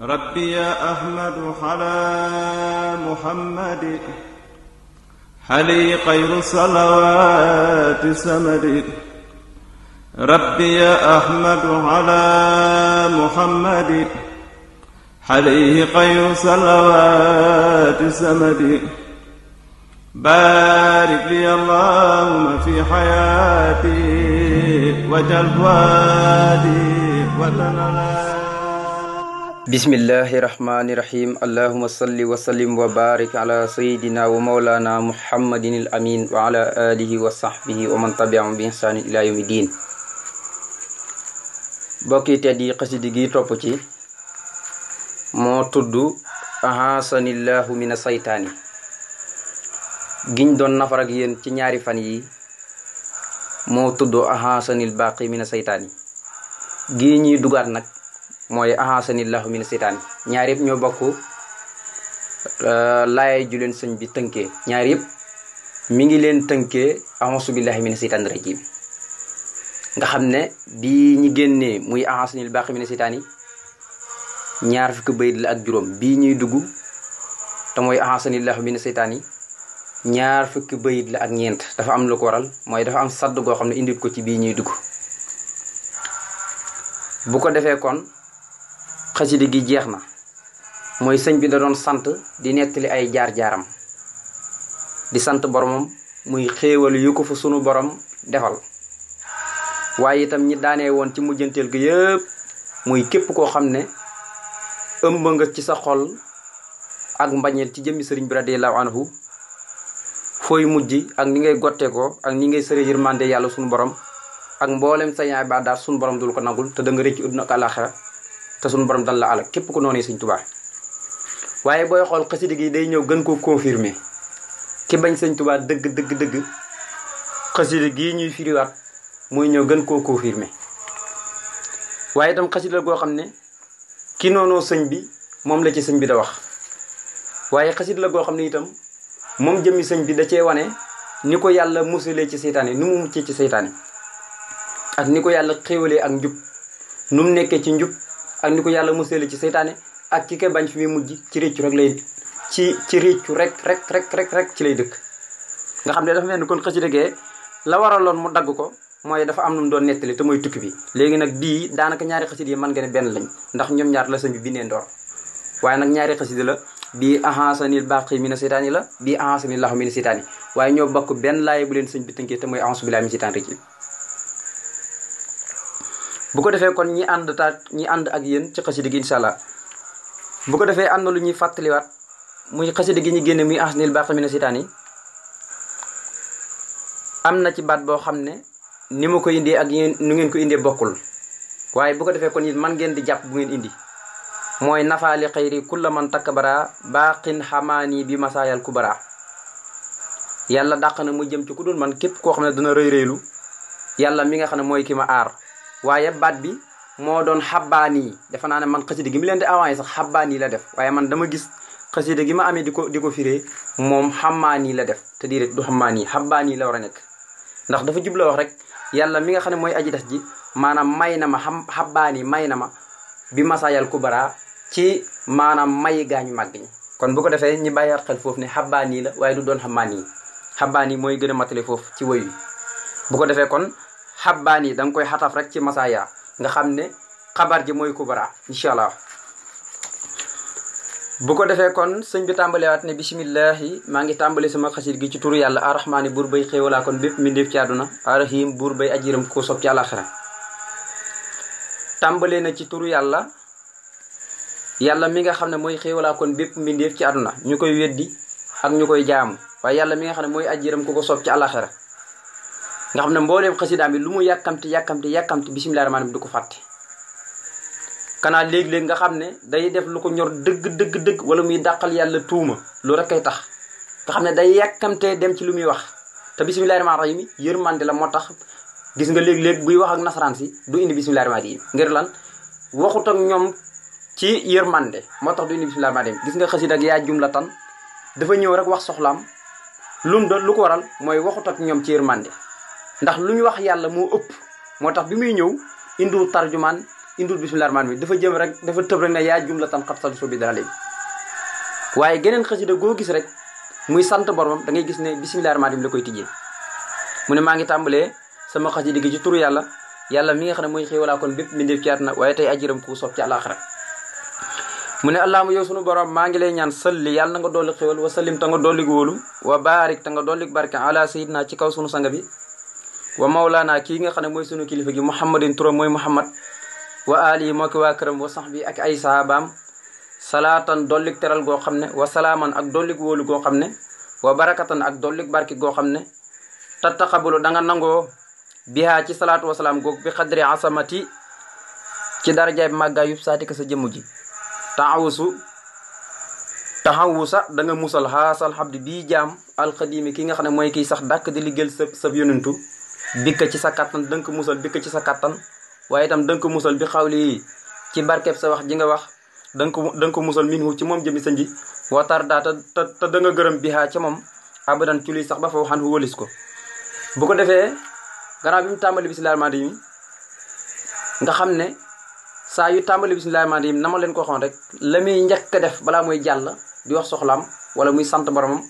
rabbi ya ahmadu xalaa muhammadi xali xayru salawaati samadi rabbi ya ahmadu xalaa muhammadi xali xayru salawaati samadi baarik li allahumma fi xayaati wajal waadi wa tanala bismillahi rahmani rahim allahuma salli wa sallim wa barik ala sayidina wa maulana muhammadin al wa ala wa sahbihi wa man tabiahum bi ihsanin ila yawmi din bokki tedd yi xasidi gi topp ci moo tudd ahasanillahu mina saytaani giñ doon nafar ak yéen ci ñaari fan yi moo tudd ahasanil baqi mina saytaani gii ñuy dugaat nag mooy ahasanillahu min seytaan ñaar yëpp ñoo bokk uh, laay ju leen sëñ bi tënkee ñaar yëpp mi ngi leen tënkee ahansu billahi min seytaan rajim nga xam ne bii ñi génnee muy ahasanil baaqi min seytaan yi ñaar fukki bayit la ak juróom bii ñuy dugg te mooy ahasanillahu min seytaan yi ñaar fukki bayit la ak ñeent dafa am lu ko waral mooy dafa am sadd goo xam ne indil ko ci bii ñuy dugg bu ko defee kon xasida gi jeex na mooy sëñ bi da doon sant di nettali ay jaar-jaaram di sant boromam muy xéewal yu ko fa sunu borom defal waaye itam ñi daanee woon ci mujjanteel gi yëpp muy képp koo xam ne ëmb nga ci sa xol ak mbañeel ci jëmmi sëriñ bi radiyallahu anhu fooy mujj ak ni ngay gotte ko ak ni ngay sëre yërmande yàlla sunu borom ak mboolem sa yaay ba daal sunu borom dul ko nangul te da nga rëcc àddina ak àllaaxira te suñu borom dal la alak képp ko noonee sañ tubaa waaye booy xool xasida gi day ñëw gën koo confirmer ki bañ sëñ tubaa dëgg dëgg dëgg xasida gii ñuy firiwaat mooy ñëw gën koo confirmer waaye itam xasida goo xam ne ki noonu sëñ bi moom la ci sëñ bi da wax waaye xasit la goo xam ne itam moom jëmmi sëñ bi da cee wane ni ko yàlla musalee ci seytaane ni mu muccee ci seytaane ak ni ko yàlla xéwalee ak njub nu mu nekkee ci njub ak ni ko yàlla mu musale ci seytaane ak ki koy bañ fi muy mujj ci réccu rek lay ci ci riccu rek rek rek rek rek ci lay dëkk nga xam ne dafa mel ni kon xasida gee la waraloon mu dagg ko mooy dafa am nu mu doon nettali te mooy tukki bi léegi nag dii daanaka ñaari xasida yi man nga ne benn lañ ndax ñoom ñaat la sëñ bi ne ndoor waaye nag ñaari xasida la bii ahansanil baqi mina seytaani la bii ahansanil lahu mina seytaani waaye ñoo bokk benn laay bu leen sëñ bi tënkee te mooy ahansu billahi mina seytaani rajim bu ko defee kon ñi ànd taat ñi ànd ak yéen ci xasida gi incha bu ko defee am na lu ñuy fàttaliwaat muy xasida gi ñu génne muy ahsanil baaqi mina am na ci baat boo xam ne ni ma ko indee ak yéen nu ngeen ko indee bokkul waaye bu ko defee kon it man ngeen di jàpp bu ngeen indi mooy nafaali xayri kulla man takk takkabara baaqin xamaani bi masaayal kubara yàlla dàq na mu jëm ci ku dul man képp koo xam ne dana rëy rëylu yàlla mi nga xam ne mooy kii ma aar waaye baat bi moo doon xabbaan yi defe naa ne man xasida gi mu leen di awaay sax xabbaan yi la def waaye man dama gis xasida gi ma amee di ko di ko firee moom xammaan la def te di rek du xammaan yi xabbaan yi la war a nekk ndax dafa jubla rek yàlla mi nga xam ne mooy aji des ji maanaam may na ma xam xabbaan yi may na ma bi masaayal kubara ci maanaam may gaañu màgg ñi kon bu ko defee ñi bàyyaat xel foofu ne xabbaan yi la waaye du doon xammaan yi xabbaan yi mooy gën a matale foofu ci woy wi bu ko defee kon xabbaan yi danga koy xataf rek ci masaya nga xam ne xabar ji mooy kubara incha allah bu ko defee kon sëñ bi tàmbalewaat ne bisimillahi maa ngi tàmbale sama xasit gi ci turu yàlla arrahmaani buur bay xéewalaa kon bépp mbindeef ci àdduna arrahim buur bay ajiram koo sob ci àlaxira tàmbale na ci turu yàlla yàlla mi nga xam ne mooy xéewalaa kon bépp mbindeef ci àdduna ñu koy weddi ak ñu koy jaamu waaye yàlla mi nga xam ne mooy ajiram ku ko sob ci àlaxira nga xam ne mbooleem xasidaam bi lu mu yàkkamti yàkkamti yàkkamti bisimilah rahmaani bi du ko fàtte kanaa léeg-léeg nga xam ne day def lu ko ñor dëgg dëgg dëgg wala muy dàqal yàlla tuuma lu rek kay tax nga xam ne day yàkkamtee dem ci lu muy wax te bisimilah rahmaani rahim yërmande la moo tax gis nga léeg-léeg buy wax ak nasaraan si du indi bisimilah rahmaani rahim ngir lan waxut ak ñoom ci yërmande moo tax du indi bisimilah rahmaani rahim gis nga xasida ak yaa jumla tan dafa ñëw rek wax soxlaam lu mu doon lu ko waral mooy waxut ak ñoom ci yërmande ndax lu ñu wax yàlla moo ëpp moo tax bi muy ñëw indiwul tarjumaan indiwul bismillah rahmaan bi dafa jëm rek dafa tëb rek ne yaa jumla tan xat sadu bi dara léegi waaye geneen xasida goo gis rek muy sant boromam da ngay gis ne bismillah rahmaan bi la koy tijjee mu ne maa ngi tàmbalee sama xasida gi ci turu yàlla yàlla mi nga xam ne mooy xéewalaa kon bépp mbindeef ci àdduna waaye tey ajiram ku ci àllaaxira mu ne allahuma yow sunu borom maa ngi lay ñaan salli yàlla na nga dolli xéewal ta nga dolli wóolu wa baarik ta nga dolli barke ala sayidina ci kaw sunu sanga bi waa mawlaana kii nga xam ne mooy sunu kilifa gi muhammadin turam mooy muhammad wa ali moo ki waa këram wa sax bi ak ay sahabaam salaatan dollik teral goo xam ne wa salaaman ak dollik goo xam ne wa barakatan ak dollik barki goo xam ne tattaxabulu da danga nangoo bihaa ci salaatu wasalaam goog bi xadri asamati ci darajaay màggaayub saatika sa jëmm ji taxawusu taxawusa da nga musal xaasal xabdi bii jaam alxadimi ki nga xam ne mooy kiy sax dàq di liggéeyal sa sa yonentu dikk ci sa kattan dënk musal dikk ci sa kattan waaye itam dënk musal bi xaw lii ci barkeb sa wax ji nga wax dënk dënk musal minhu ci moom jëmmi sa nji watar daa te te da nga gërëm bihaa ca moom abadan ci luy sax ba faw xan hu walis ko bu ko defee gannaaw bi mu tàmbali bismillaahi rahmaani rahiim nga xam ne saa yu tàmbali bismillaahi rahmaani rahiim na ma leen ko waxoon rek la muy njëkk a def balaa muy jàll di wax soxlaam wala muy sant boromam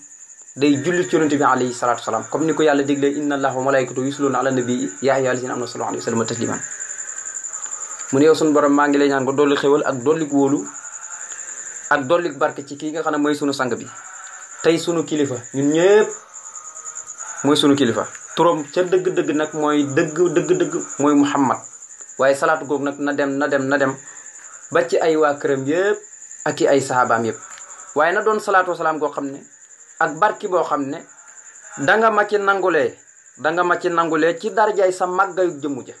day julli ci yonente bi alayhi salatu wasalaam comme ni ko yàlla digle inna allaha wa malaikatu yusluna ala nabii yaa ayyuha allazina amanu sallu mu ne yow sunu borom maa ngi lay ñaan ko dolli xéwal ak dolli wóolu ak dolli barke ci kii nga xam ne mooy sunu sang bi tey sunu kilifa ñun ñëpp sunu kilifa turam ca dëgg-dëgg nag mooy dëgg dëgg-dëgg mooy muhammad waaye salaatu googu nag na dem na dem na dem ba ci ay waa këram yëpp ak i ay sahabaam yëpp waaye na doon salaatu wasalaam goo xam ne ak barki boo xam ne danga ma ci nangulee danga ma ci nangulee ci darjaay sa màggayu jëmmu ja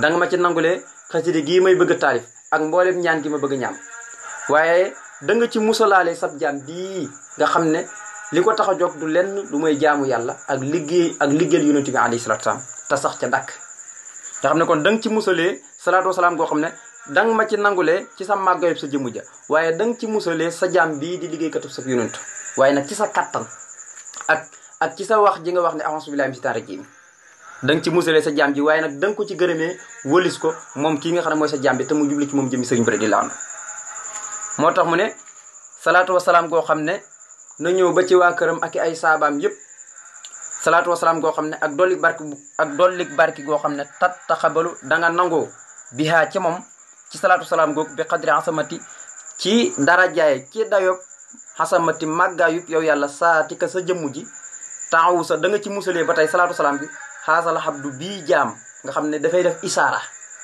danga ma ci nangulee xasida gii may bëgg taalif ak mboolem ñaan gi ma bëgg ñaan waaye danga ci musalaale sab jaam bii nga xam ne li ko tax a jóg du lenn du may jaamu yàlla ak liggéey ak liggéeyal yonent bi alayhi salaatu salaam te sax ca ndàkk nga xam ne kon danga ci musalee salaatu wasalaam goo xam ne danga ma ci nangulee ci sa màggayob sa jëmu ja waaye danga ci musalee sa jaam bii di liggéeykatu sa yonent waaye nag ci sa kattan ak ak ci sa wax ji nga wax ne a'uuzu billaahi mina shaytaani rajiim danga ci musalee sa jaam ji waaye nag da ko ci gërëmee wëlis ko moom kii nga xam ne mooy sa jaam bi te mu jubli ci moom jëmi sëriñ bi di laanu moo tax mu ne salaatu wasalaam goo xam ne na ñëw ba ci waa këram ak ay saabaam yëpp salaatu wasalaam goo xam ne ak dolli barki ak dolli barki goo xam ne tat taxabalu da nga nangoo bihaa ci moom ci salaatu wasalaam googu bi xadri asamati ci darajaay ci dayob xasamati màggaayub yow yàlla saatika sa jëmm ji taawu sa da nga ci musalee ba tey salaatu salaam bi xaasal xabdu bii jaam nga xam ne dafay def isaara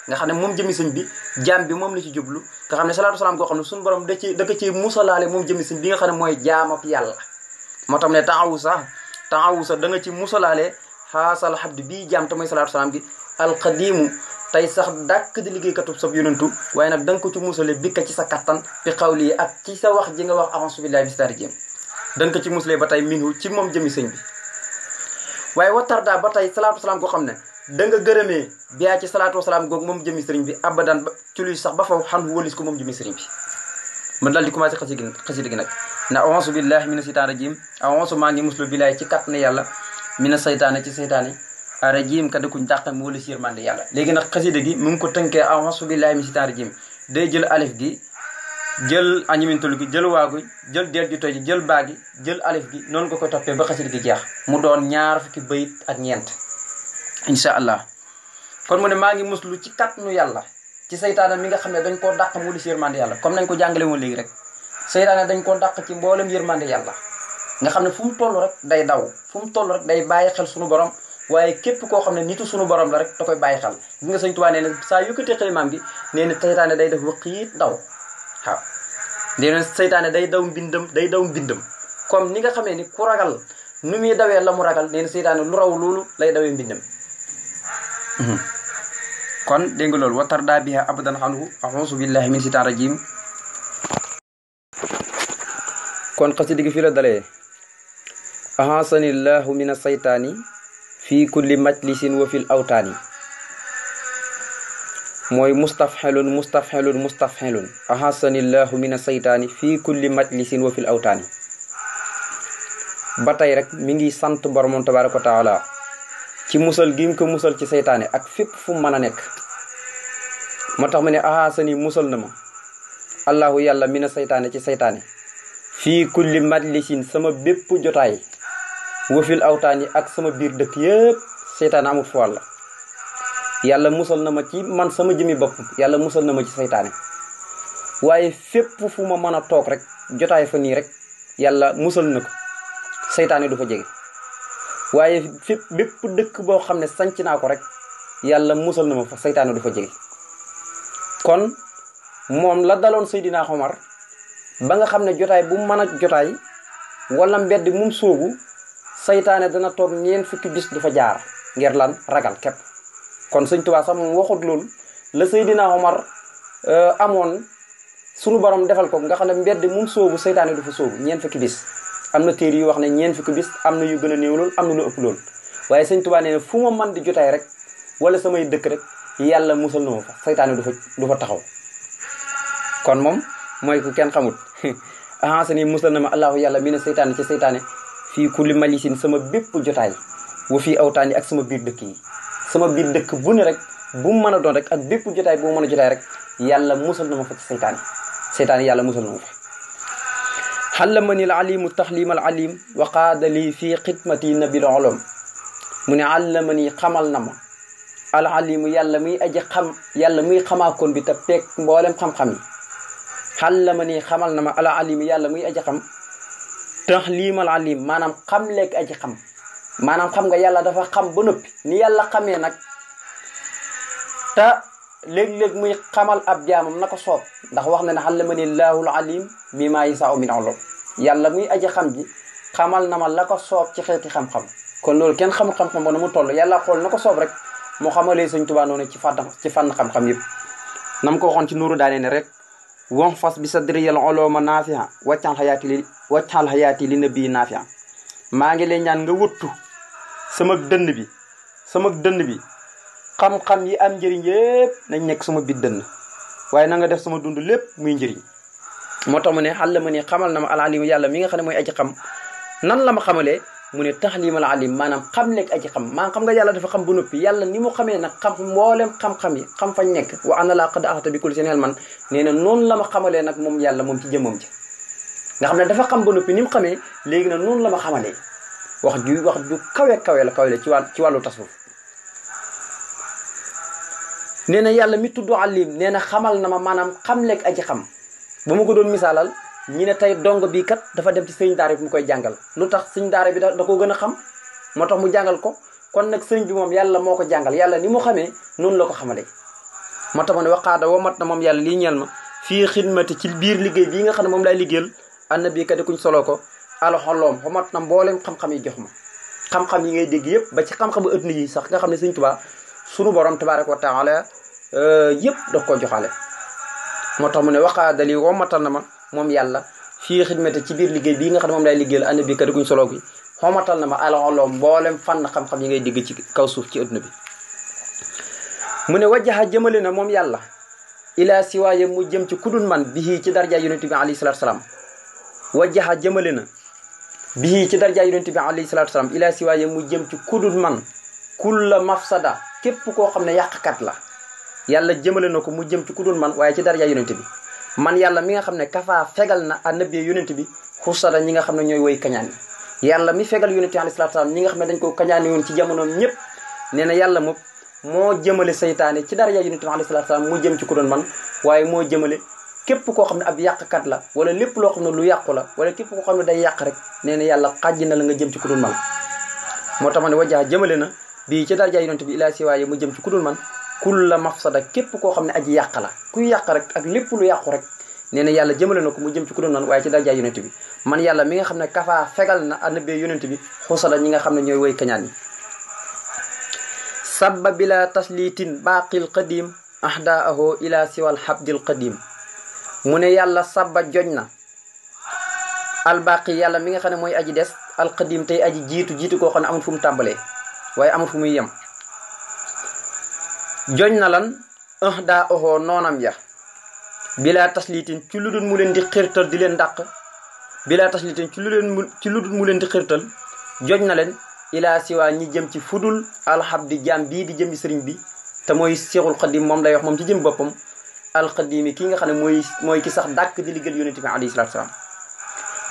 nga xam ne moom jëmi sëñ bi jaam bi moom la ci jublu nga xam ne salaatu salaam goo xam ne suñu borom da ci da ko ci musalaale moom jëmi sëñ bi nga xam ne mooy jaamab yàlla moo tam ne taawu sa taawu sa da nga ci musalaale xaasal xabdu bii jaam te mooy salaatu salaam bi alqadimu tey sax dàkk di liggéeykatub sab yonentu waaye nag danga ko ci musalee bikka ci sa kattan bi xaw xawli ak ci sa wax ji nga wax ahansu billahi bisitaari jéem danga ko ci musale ba tey minhu ci moom jëmi sëñ bi waaye watarda ba tey salaatu salaam koo xam ne da nga gërëmee ci salaatu wasalaam googu moom jëmi sëriñ bi ba ci sax ba faw xan wëlis ko moom jëmi sëriñ bi man daal di commencé xasi xasida gi nag na ahansu billahi mina seytaan rajim ahansu maa ngi muslu billahi ci katt ne yàlla mina seytaane ci seytaane rajim ka kuñ dàq moo la siir mande yàlla léegi nag xasida gi mu ngi ko tënkee awasu billahi min sitaan day jël alif gi jël añimintul gi jël waagu jël deel ji toy ji jël baa gi jël alif gi noonu ko ko toppee ba xasida gi jeex mu doon ñaar fukki bayit ak ñeent incha allah kon mu ne maa ngi muslu ci nu yàlla ci saytaane mi nga xam ne dañ koo dàq mu lis yërmande yàlla comme nañ ko jàngale woon léegi rek saytaane dañ koo dàq ci mboolem yërmande yàlla nga xam ne fu mu toll day daw fu mu bàyyi xel suñu borom waaye képp koo xam ne nitu suñu boroom la rek da koy bàyyi xel gis nga sëñ Tuubaa nee na saa yëkkatee xalimaam gi nee na seytaane day def wëq yi daw waaw nee na seytaane day daw mbindam day daw mbindam comme ni nga xamee ni ku ragal nu muy dawee la mu ragal nee na seytaane lu raw loolu lay dawee mbindam mhm. kon dégg nga loolu watar daa biha abadan xanhu axusu billahi min sitaan rajim kon xasida gi fii la dalee ahasanillahu min asaytaani fii kulli majlisin wa fil awtaani mooy mustafxelun mustafxelun mustafxelun ahasanillahu min aseytaani fii kulli majlisin wa fil awtaani ba tey rek mi ngi sant boromam tabaraka wa taala ci musal gi mu ko musal ci seytaani ak fépp fu mën a nekk moo tax ma ne ahasani musal na ma allahu yàlla mina seytaane ci seytaane fii kulli majlisin sama bépp jotaay wafil awtaan yi ak sama biir dëkk yépp seytaane amut fu wàll yàlla musal na ma ci man sama jëmi bopp yàlla musal na ma ci seytaane waaye fépp fu ma mën a toog rek jotaay fa nii rek yàlla musal na ko seytaane du fa jege waaye fépp bépp dëkk boo xam ne sanc naa ko rek yàlla musal na ma fa seytaane du fa jege kon moom la daloon Seydina Omar ba nga xam ne jotaay bu mën a jotaay wala mbedd mum soogu saytaane dana toog ñeent fukki bis du fa jaar ngir lan ragal képp kon sëñ Tuubaa sax moom waxut loolu la Seydina Omar euh, amoon sunu borom defal ko nga xam ne mbedd mum soobu saytaane du fa soobu ñeent fukki bis am na téer yu wax ne ñeent fukki bis am na yu gën a néew loolu am na lu ëpp loolu waaye sëñ nee na fu ma man di jotaay rek wala samay dëkk rek yàlla musal na ma fa saytaane du fa du fa taxaw kon moom mooy ku kenn xamut ahansa ni musal na ma allahu yàlla mi ne saytaane ci saytaane fii kulli malisin sama bépp jotaay wa fii awtaan yi ak sama biir dëkk yi sama biir dëkk bu ne rek bu mu mën a doon rek ak bépp jotaay bu mu mën a jotaay rek yàlla musal na ma fa ci seytaane seytaane yàlla musal na ma fa xallama ni alalimu taxlim alalim wa qaada lii fii xidmati nabil olom mu ne àllama ni xamal na ma alalimu yàlla muy aji xam yàlla muy xamaakoon bi te peeg mboolem xam-xam yi xallama xamal na ma alalimu yàlla muy aji xam taxliimal alim maanaam xam lekk aji xam maanaam xam nga yàlla dafa xam ba noppi ni yàlla xamee nag te léeg-léeg muy xamal ab jaamam na ko soob ndax wax na ne xam allamani llaahu alim bi maa yasaau min ulum yàlla muy aji xam ji xamal na ma la ko soob ci xeeti xam-xam kon loolu kenn xamul xam-xam ba na mu toll yàlla xool na ko soob rek mu xamalee sëñ Tuubaa noonu ci fànn ci fànn xam-xam yëpp na ko waxoon ci nuuru daanee rek wan fas bi sadriyal oloma naafiha waccaal xayaati li waccaal xayaati li nabii naafiha maa ngi lay ñaan nga wëttu sama dënn bi sama dënn bi xam-xam yi am njëriñ yépp nañ nekk sama bit dënn waaye na nga def sama dund lépp muy njëriñ moo tax mu ne xàll ma ni xamal na ma alalimu yàlla mi nga xam ne mooy aji xam nan la ma xamalee mu ne taxlimal alim maanaam xam lekk aji xam maa xam nga yàlla dafa xam ba noppi yàlla ni mu xamee nag xam mboolem xam-xam yi xam fañ nekk wa ana laa qad axata bi kulli seen man na noonu ma xamalee nag moom yàlla moom ci jëmmam ji nga xam ne dafa xam ba noppi ni mu xamee léegi nag noonu la ma xamalee wax ju wax ju kawe kawe la kawe la ci wàll ci wàllu tasawuf nee na yàlla mi tudd alim nee na xamal na ma maanaam xam lekk aji xam ba ma ko doon misaalal ñi ne tey dongo bii kat dafa dem ci sëñ daara bi mu koy jàngal lu tax sëñ daara bi da koo gën a xam moo tax mu jàngal ko kon nag sëñ bi moom yàlla moo ko jàngal yàlla ni mu xamee noonu la ko xamale moo tax ma ne waxaada wa mat na moom yàlla lii ñeel ma fii xidmati ci biir liggéey bii nga xam ne moom laay liggéeyal ànd bii kat kuñ soloo ko alxoloom wa mat na mboolem xam-xam yi jox ma xam-xam yi ngay dégg yëpp ba ci xam-xamu ëtt yi sax nga xam ne sëñ Tuubaa sunu borom tabaaraka wa taala euh, yëpp da ko joxaale moo tax mu ne waxaada lii wa matal na ma moom yàlla fii xidmate ci biir liggéey bi nga xam ne moom lay liggéeyal ànd bi katiguñ solo bi xomatal na ma aloloo mboolem fànn xam-xam yi ngay digg ci kaw suuf ci adduna bi mu ne wajjaxa jëmale na moom yàlla ilaa siwaaya mu jëm ci kudul man bihi ci darja yonente bi alayhi salatu salaam wajjaxa jëmale na bihi ci darja yonente bi alayhi salatu salaam ilaa siwaaya mu jëm ci kudul man kulla mafsada képp koo xam ne yàqkat la yàlla jëmale na ko mu jëm ci kudul man waaye ci darja yonente bi man yàlla mi nga xam ne kafaa fegal na annabi yonent bi xusara ñi nga xam ne ñooy woy kañaan yi yàlla mi fegal yonent bi alayhi salaatu salaam ñi nga xam ne dañ ko kañaani woon ci jamono ñëpp nee na yàlla moom moo jëmale saytaane ci dara ya yonent bi alayhi salaatu salaam mu jëm ci ku doon man waaye moo jëmale képp koo xam ne ab yàqkat la wala lépp loo xam ne lu yàqu la wala képp koo xam ne day yàq rek nee na yàlla xàjji na la nga jëm ci ku doon man moo tax ma ne wajaa jëmale na bii ci dara ya yonent bi ilaa waaye mu jëm ci ku doon man kulla mafsada képp koo xam ne aji yàq la kuy yàq rek ak lépp lu yàqu rek nee na yàlla jëmale na ko mu jëm ci ku doon noonu waaye ci darajaay yonent bi man yàlla mi xam ne kafaa fegal na annabee yonent bi xusala ñi nga xam ne ñooy woy kañaan yi sabba bila taslitin baaqil qadim ahdaaho ila siwal habdil qadim mu ne yàlla sabba joñ na albaqi yàlla mi nga xam ne mooy aji des alqadim tey aji jiitu jiitu koo xam ne amul fu mu tàmbalee waaye amul fu muy yem joñ na lan ah daa oxoo noonam ya bilaa tasliitin ci lu dul mu leen di xirtal di leen dàq bilaa tasliitin ci lu leen mu ci lu dul mu leen di xirtal joñ na leen ilaa siwaa ñi jëm ci fudul alxabdi jaam bii di jëmi sëriñ bi te mooy seexul xadim moom lay wax moom ci jëm boppam alxadimi kii nga xam ne mooy mooy ki sax dàkk di liggéeyal yonente bi alayhi salaatu salaam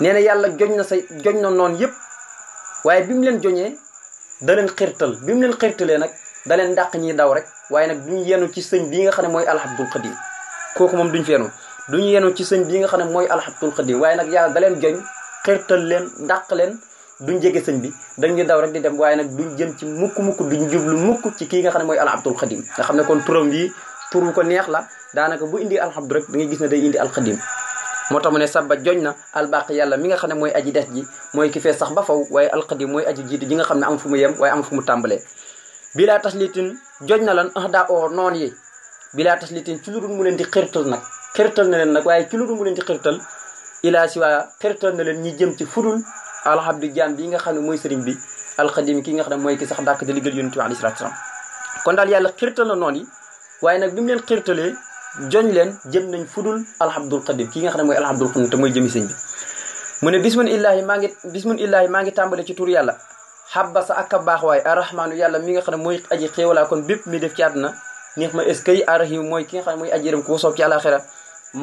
nee yàlla joñ na sa joñ na noonu yépp waaye bi mu leen joñee da leen xirtal bi mu leen xirtalee nag daleen leen dàq ñiy daw rek waaye nag duñu yenu ci sëñ bi nga xam ne mooy alxabdul xadim kooku moom duñu du ñu yenu ci sëñ bi nga xam ne mooy alxabdul xadim waaye nag yàlla da leen joñ xërtal leen dàq leen duñ jege sëñ bi dañuy daw rek di dem waaye nag duñ jëm ci mukk mukk duñ jublu mukk ci kii nga xam ne mooy alxabdul xadim nga xam ne kon turam bii ko neex la daanaka bu indi alxabdu rek bi nga gis ne day indi alxadim moo tax mu ne sabba joñ na albaq yàlla mi nga xam ne mooy aji des ji mooy ki fee sax ba faw waaye alxadim mooy aji jiitu ji nga xam ne am fu mu yem waaye am fu mu tàmbalee tas bilaa taslitin joj na lan ah daa oo noon yi bilaa taslitin ci lu dul mu leen di xërtal nag xërtal na leen waaye ci lu dul mu leen di xërtal ilaa si waa xërtal na leen ñi jëm ci fudul alhamdu jaam bi nga xam ne mooy sëriñ bi alxadim ki nga xam ne mooy ki sax dàkk di liggéey yonent bi alayhi kon daal yàlla xirtal na noon yi waaye nag bi mu leen xirtalee joñ leen jëm nañ fudul alhamdul xadim ki nga xam ne mooy alhamdul xadim te mooy jëmi sëñ bi mu ne bismun illaahi maa ngi bismun illaahi maa ngi tàmbale ci tur yàlla xabbasa ak a baax waaye arrahmaanu yàlla mi nga xam ne mooy aji xéewalaa kon bépp mi def ci àdduna neex ma est-ce que mooy ki nga xam ne mooy ko soob ci àlaxira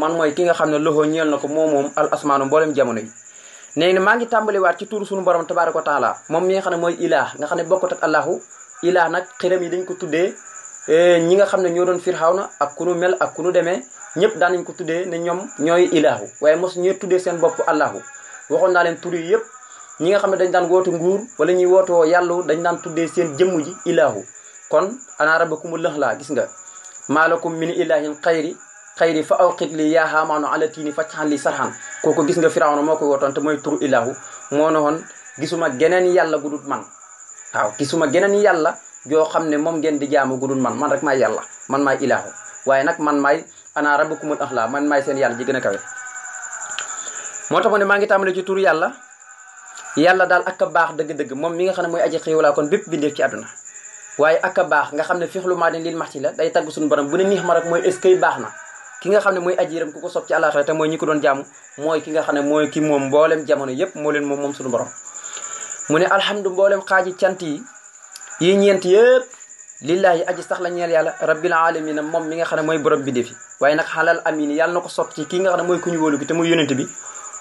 man mooy ki nga xam ne loxoo ñeel na ko moom moom al asmaanu mboolem jamono yi nee maa ngi tàmbaliwaat ci tuuru suñu borom tabaaraka wa taala moom mi nga xam ne mooy ilaah nga xam ne bokkut ak allahu ilaah nag xiram yi dañ ko tuddee eh, ñi nga xam ne ñoo doon firxawna ak ku nu mel ak ku nu demee ñëpp daan nañ ko tuddee ne ñoom ñooy ilaahu waaye mos ñee tuddee seen bopp allahu waxoon naa leen tur yi yëpp ñi nga xam ne dañ daan woote nguur wala ñuy wootewoo yàlla dañ daan tuddee seen jëmm ji ilaahu kon ana rabbakumu lëx laa gis nga maa maalakum min ilahin xayri xayri fa awqit li yaa haamaanu ala tiini faccaxan li sarxan kooku gis nga na moo koy wootoon te mooy turu ilaahu moo ne woon gisuma geneen yàlla gudul man waaw gisuma geneen yàlla yoo xam ne moom ngeen di jaamu gudul man man rek maay yàlla man maay ilaahu waaye nag man maay ana rabbakumul axlaa man maay seen yàlla ji gën a kawe yàlla daal ak a baax dëgg-dëgg moom mi nga xam ne mooy aji xéewalaa kon bépp bindeef ci àdduna waaye ak a baax nga xam ne fixlu maa den lil max ci la day tagg suñu borom bu ne niix ma rek mooy est-ce que baax na ki nga xam ne mooy ki moom mboolem jamono yépp moo leen moom moom suñu borom mu ne alhamdu mboolem xaaji cant yi yi ñeent yépp lillaahi aji sax la ñeel yàlla rabbil alamina moom mi nga xam ne mooy borom bi defi waaye nag xalal amin yàlla na ko sopp ci ki nga xam ne mooy ku ñu wóolu gi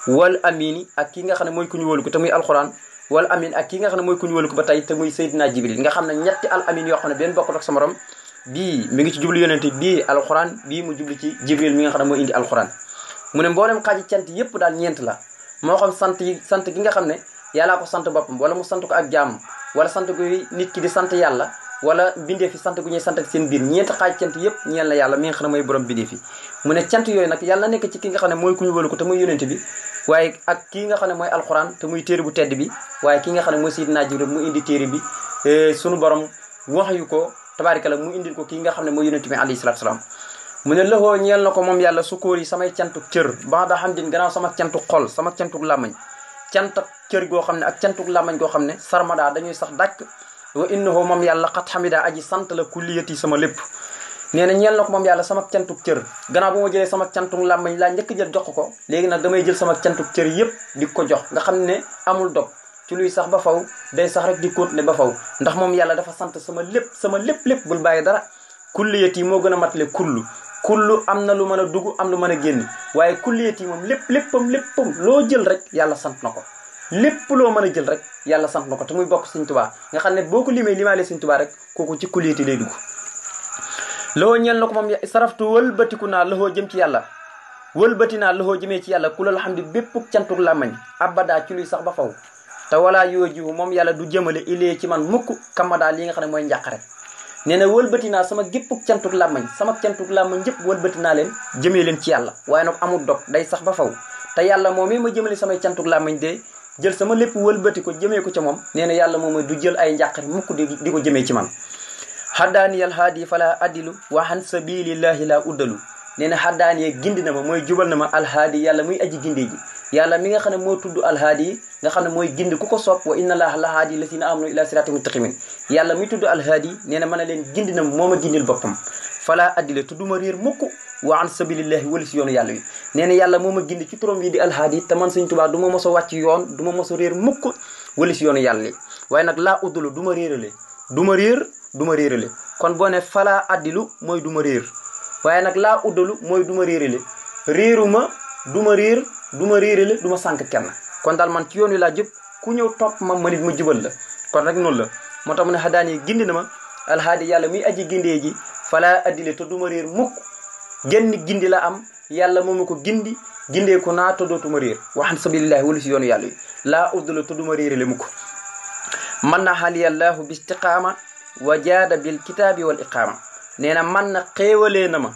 wal amini ak ki nga xam ne mooy ku ñu wóolu ko te muy alxuraan wal amin ak ki nga xam ne mooy ku ñu wóolu ko ba tey te muy Seydina Jibril nga xam ne ñetti al amin yoo xam ne benn bokkut ak sa morom bii mi ngi ci jublu yonente bii alxuraan bi mu jublu ci Jibril mi nga xam ne mooy indi alxuraan mu ne mboolem xaaji cant yépp daal ñeent la moo xam sant yi sant gi nga xam ne yàllaa ko sant boppam wala mu sant ko ak jàmm wala sant gu nit ki di sant yàlla wala bindee fi sant gu ñuy sant ak seen biir ñeenti xaaj cant yëpp ñeel na yàlla mi nga xam ne mooy borom bindee fi mu ne cant yooyu nag yàlla nekk ci ki nga xam ne mooy ku ñu ko te muy yonent bi waaye ak kii nga xam ne mooy alxuraan te muy téere bu tedd bi waaye ki nga xam ne mooy Seydina Jibril mu indi téere bi eh, sunu borom wax yu ko tabaarikala mu indil ko kii nga xam ne mooy yonent bi alayhi salaatu salaam mu ne loxoo ñeel na ko moom yàlla sukóor yi samay cantuk cër banda xam din gannaaw sama sama cantuk làmmañ cant ak goo xam ne ak cantuk làmmañ goo xam ne sarmada dañuy sax dàkk wa innahu moom yàlla xat xamida aji sant la kulliyati sama lépp nee na ñeel na ko moom yàlla sama cantuk cër gannaaw bu ma jëlee sama cantuk làmmañ laa njëkk jël jox ko léegi nag damay jël sama cantuk cër yépp di ko jox nga xam ne amul dog ci luy sax ba faw day sax rek di ne ba faw ndax moom yàlla dafa sant sama lépp sama lépp lépp bul bàyyi dara kulliyat yi moo gën a mat matale kullu kullu am na lu mën a dugg am lu mën a génn waaye kulliyat yi moom lépp léppam léppam loo jël rek yàlla sant na ko lépp loo mën a jël rek yàlla sant na ko te muy bokk Sëñ Tuubaa nga xam ne boo ko limee limaale Sëñ Tuubaa rek kooku ci kuliyati lay dugg loo ñeel na ko moom saraftu wëlbatiku naa loxoo jëm ci yàlla wëlbati naa loxoo jëmee ci yàlla ku loolu xam ne bépp cantuk làmmañ abada ci luy sax ba faw te walaa yoojiwu moom yàlla du jëmale ilee ci man mukk kammadaa li nga xam ne mooy njàqare nee na wëlbati naa sama géppuk cantuk làmmañ sama cantuk làmmañ yëpp wëlbati naa leen jëmee leen ci yàlla waaye nag amul dog day sax ba faw te yàlla moom ma jëmale samay cantuk làmmañ de jël sama lépp wëlbati ko jëmee ko ca moom nee na yàlla moom du jël ay njàqare mukk di di ko jëmee ci man xaddaani yal haadi fala addilu wa an sabilillahi la uddalu nee na xaddaani gindi na ma mooy jubal na ma alhaadi yàlla muy aji gindi ji yàlla mi nga xam ne moo tudd alhaadi yi nga xam ne mooy gindi ku ko sopp wa inna laaha la si haadi lazina amanu ila sirati mustaqimin yàlla muy tudd alhaadi yi nee na mën a leen gindi na ma moo ma gindil boppam fala wa an sabilillahi wali si yoonu yàlla wi nee na yàlla moo ma gindi ci turam yi di alhaadi te man sëñ Tuubaa du ma a wàcc yoon du ma mos a réer mukk wali si yoonu yàlla yi waaye nag laa uddulu du ma réerale du ma réer du ma réerale kon boo ne falaa addilu mooy du ma réer waaye nag laa uddalu mooy du ma réerale ma du ma réer du ma réerale du ma sànq kenn kon daal man ci yoon wi laa jëpp ku ñëw topp ma ma nit ma jubal la kon rek noonu la moo tax mu ne xadaan yi gindi na ma alhaadi yàlla muy aji gindee ji falaa addile te du ma réer mukk genn gindi la am yàlla moom ko gindi ko naa te dootuma réer waxan sabilillahi wala si yoonu yàlla yi laa udla te duma réerale mu ko man na xaliyallahu bi istiqaama wa jaada bil kitaabi wal nee na man na xéewalee na ma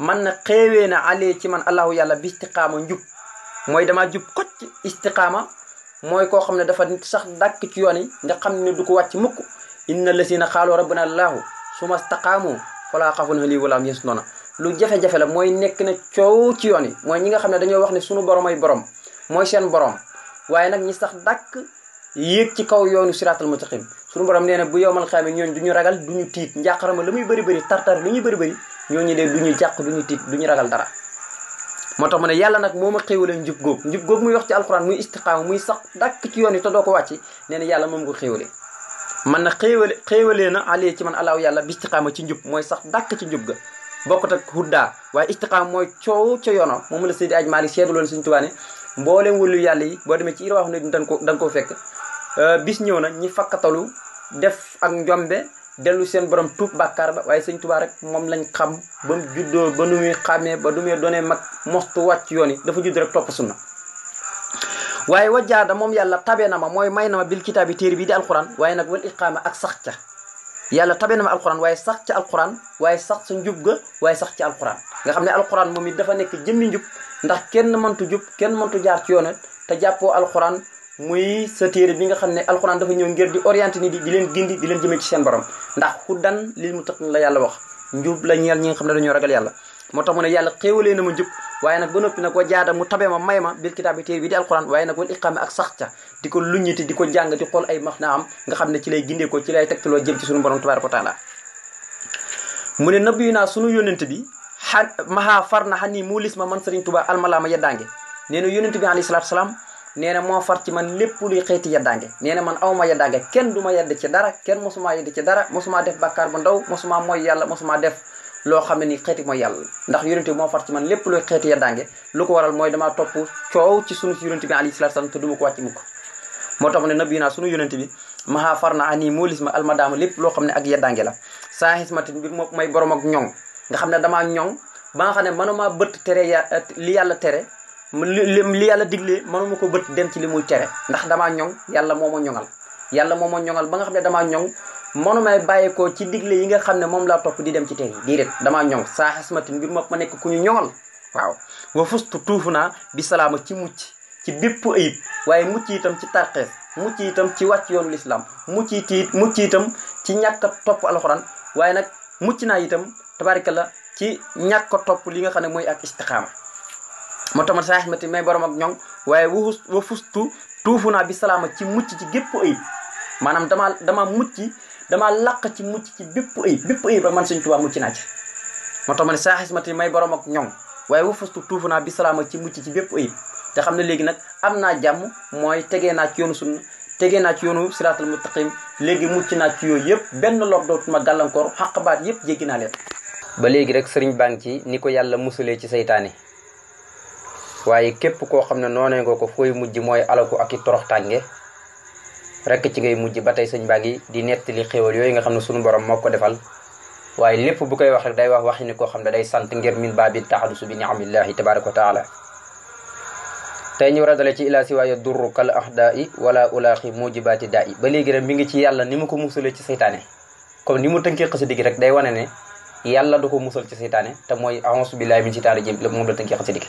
man na xéewee na alee ci man allahu yàlla bi istiqaama njub mooy dama jub kocc istiqaama mooy koo xam ne dafa sax dàkk ci yoon yi nga xam ne du ko wàcc mukk inna lasina xaalu rabbana allahu suma staqaamu falaa xafun aleyhim wa laa hum noona lu jafe-jafe la mooy nekk na coow ci yoon yi mooy ñi nga xam ne dañoo wax ne sunu borom ay borom mooy seen borom waaye nag ñi sax dàkk yéeg ci kaw yoonu siraatal mustaqim sunu borom nee na bu yowmal xaame ñooñ du ñu ragal du ñu tiit njàqarama la muy bëri bëri tartar lu ñuy bëri bëri ñooñu dee du ñu jàq du ñu tiit du ragal dara moo tax mu ne yàlla nag moo ma xéewalee njub góob njub góob ci alxuraan muy istiqaama muy sax dàkk ci yoon yi te doo ko wàcc nee na yàlla moom ko xéewalee man na xéewale xéewalee na alee ci man alaaw yàlla bi istiqaama ci njub mooy sax dàkk ci njub ga bokkut ak huddaa waaye istiqaam mooy coow ca yono moom la Seydi Aj Maalik seetu loon Sëriñ Tuubaa ne mbooleem wëllu yàlla yi boo demee ci irwaax ne dan ko da nga ko fekk euh, bis ñëw na ñi fakkatalu def ak njombe dellu seen borom tuub bàkkaar ba waaye Sëriñ Tuubaa rek moom lañ xam ba mu juddoo ba nu muy xàmmee ba du muy doonee mag mostu wàcc yoon yi dafa judd rek topp sunna waaye wajjaada moom yàlla tabe na ma mooy may na ma bil kitaabi téere bi di alquran waaye nag wal iqaama ak sax ca yàlla tabe na ma alxuraan waaye sax ci alxuraan waaye sax sa njub ga waaye sax ci alxuraan nga xam ne alxuraan moom it dafa nekk jëmmi njub ndax kenn mëntu jub kenn mëntu jaar ci yoona te jàppoo alxuraan muy sa téere bi nga xam ne alxuraan dafa ñëw ngir di orienté ni di di leen gindi di leen jëmee ci seen borom ndax dan hudan lil muttaqin la yàlla wax njub la ñeel ñi nga xam ne dañoo ragal yàlla moo tax mu ne yàlla xéewalee na ma njub waaye nag ba noppi nag wa jaada mu tabe ma may ma bil kitaab bi téere bi di alquran waaye nag wal iqaame ak sax ca di ko luññiti di ko jàng di xool ay max naa am nga xam ne ci lay gindee ko ci lay tegtaloo jëm ci suñu borom tabaraka wa taala mu ne nabiyu naa suñu yónent bi xar mahaa far na xani mu lis ma man sëriñ tuba almalaama yeddaange nee na yónent bi alayhi salaatu salaam nee na moo far ci man lépp luy xeeti yeddaange nee na man awma yeddaange kenn du ma yedd ci dara kenn mosuma yedd ci dara mosuma def bàkkaar bu ndaw mosuma mooy yàlla mosuma def loo xam ne ni xeeti mooy yàlla ndax yonente moo far ci man lépp looy xeeti yeddaange lu ko waral mooy damaa topp coow ci sunu si yonente bi alayhi salaatu salaam te duma ko wàcc mukk moo tax mu ne naa sunu yonente bi mahaa far na ani lépp loo xam ne ak yeddaange la saa xismatin mbir moo may boroom ak ñoŋ nga xam ne damaa ñoŋ ba nga xam ne mënuma bëtt tere ya li yàlla tere li yàlla digle mënuma ko bët dem ci li muy tere ndax damaa ñoŋ yàlla moo ma ñoŋal yàlla moo ma ñoŋal ba nga xam ne damaa ñoŋ manumay bàyyeekoo ci digle yi nga xam ne moom laa topp di dem ci teen yi déedéet damaa ñoŋ saa xasmatin mbir ma ma nekk ku ñu ñoŋal waaw wa fustu tuufu naa bi salaama ci mucc ci bépp ayib waaye mucc itam ci tarxees mucc itam ci wàcc yoonu lislaam mucc it mucc itam ci ñàkk a topp alxuraan waaye nag mucc naa itam tabarika la ci ñàkk topp li nga xam ne mooy ak istixaama ma saa xasmatin borom ak ñoŋ waaye wa fustu tuufu naa bi salaama ci mucc ci gépp ayib maanaam damaa dama mucc damaa laq ci mucc ci bépp ayib bépp ayib rek man Sëñ Tuubaa mucc naa ci moo tax ma ne saa xismati may borom ak ñoom waaye wafastu tuufu naa bi salaama ci mucc ci bépp ayib te xam ne léegi nag am naa jàmm mooy tege naa ci yoonu sunna tegee naa ci yoonu siraatal léegi mucc naa ci yooyu yëpp benn lor dootuma gàllankoor xaq baat yëpp jéggi naa leen ba léegi rek sëriñ baa ngi ci ni ko yàlla musalee ci seytaane waaye képp koo xam ne noonee ngoo ko fooy mujj mooy alaku ak i torox rekk ci ngay mujj ba tey sëñ baa ngi di nettali xéwal yooyu nga xam ne sunu borom moo ko defal waaye lépp bu koy wax rek day wax waxi ni koo xam ne day sant ngir min baabi taxadusu bi niamillahi tabaraka wa taala tey ñu war a dale ci ilaa waaye durru kal ahda i wala ulaaxi mujibaati daa i ba léegi rek mi ngi ci yàlla ni mu ko musale ci seytaane comme ni mu tënkee xasida gi rek day wane ne yàlla du ko musal ci seytaane te mooy auzu billaahi min seytaane jëm la moom la tënkee xasida gi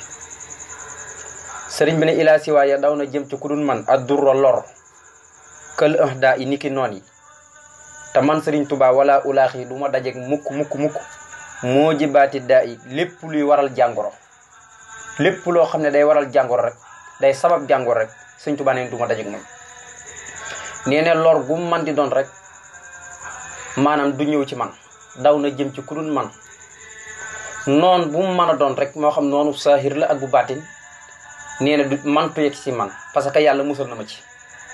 sëriñ bi ne ilaa si waaye daw na jëm ci ku man ad durra lor kël un daa yi ni noon yi te man sëriñ tubaa wala ulaax yi du ma dajeeg mukk mukk mukk moo jibaati daa yi lépp luy waral jàngoro lépp loo xam ne day waral jàngoro rek day sabab jàngoro rek Serigne Touba nee du ma dajeeg moom nee ne lor gu man di doon rek maanaam du ñëw ci man daw na jëm ci ku dul man noon bu mu a doon rek moo xam noonu saahir la ak bu baatin nee na du man man parce que yàlla musal na ma ci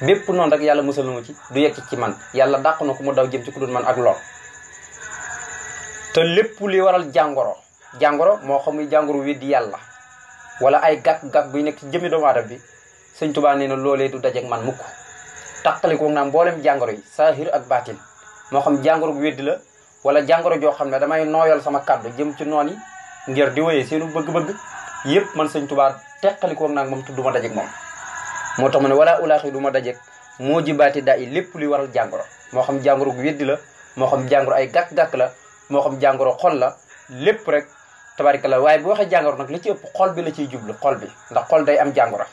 bépp noon rek yàlla musal na ma ci du yegg ci man yàlla dàq na ko mu daw jëm ci ku dul man ak lor te lépp li waral jàngoro jàngoro moo xam muy jàngoro weddi yàlla wala ay gàkk-gàkk buy nekk ci jëmmi doomu aadama bi sëñ Tuubaa nee na loolee du dajeeg man mukk taqaliko naa mboolem jàngoro yi saahir ak baatin moo xam jàngoro weddi la wala jàngoro joo xam ne damay nooyal sama kàddu jëm ci noon yi ngir di woyee seenu bëgg-bëgg yépp man sëñ Tuubaa teqaliko naa moom tudduma dajeeg moom moo tax mu ne wala ulaaxi du ma dajeeg moo jibaati daa yi lépp luy waral jàngoro moo xam jàngoro gu weddi la moo xam jàngoro ay gàkk-gàkk la moo xam jàngoro xol la lépp rek la waaye bu waxee jàngoro nag li ci ëpp xol bi la ciy jublu xol bi ndax xol day am jàngoro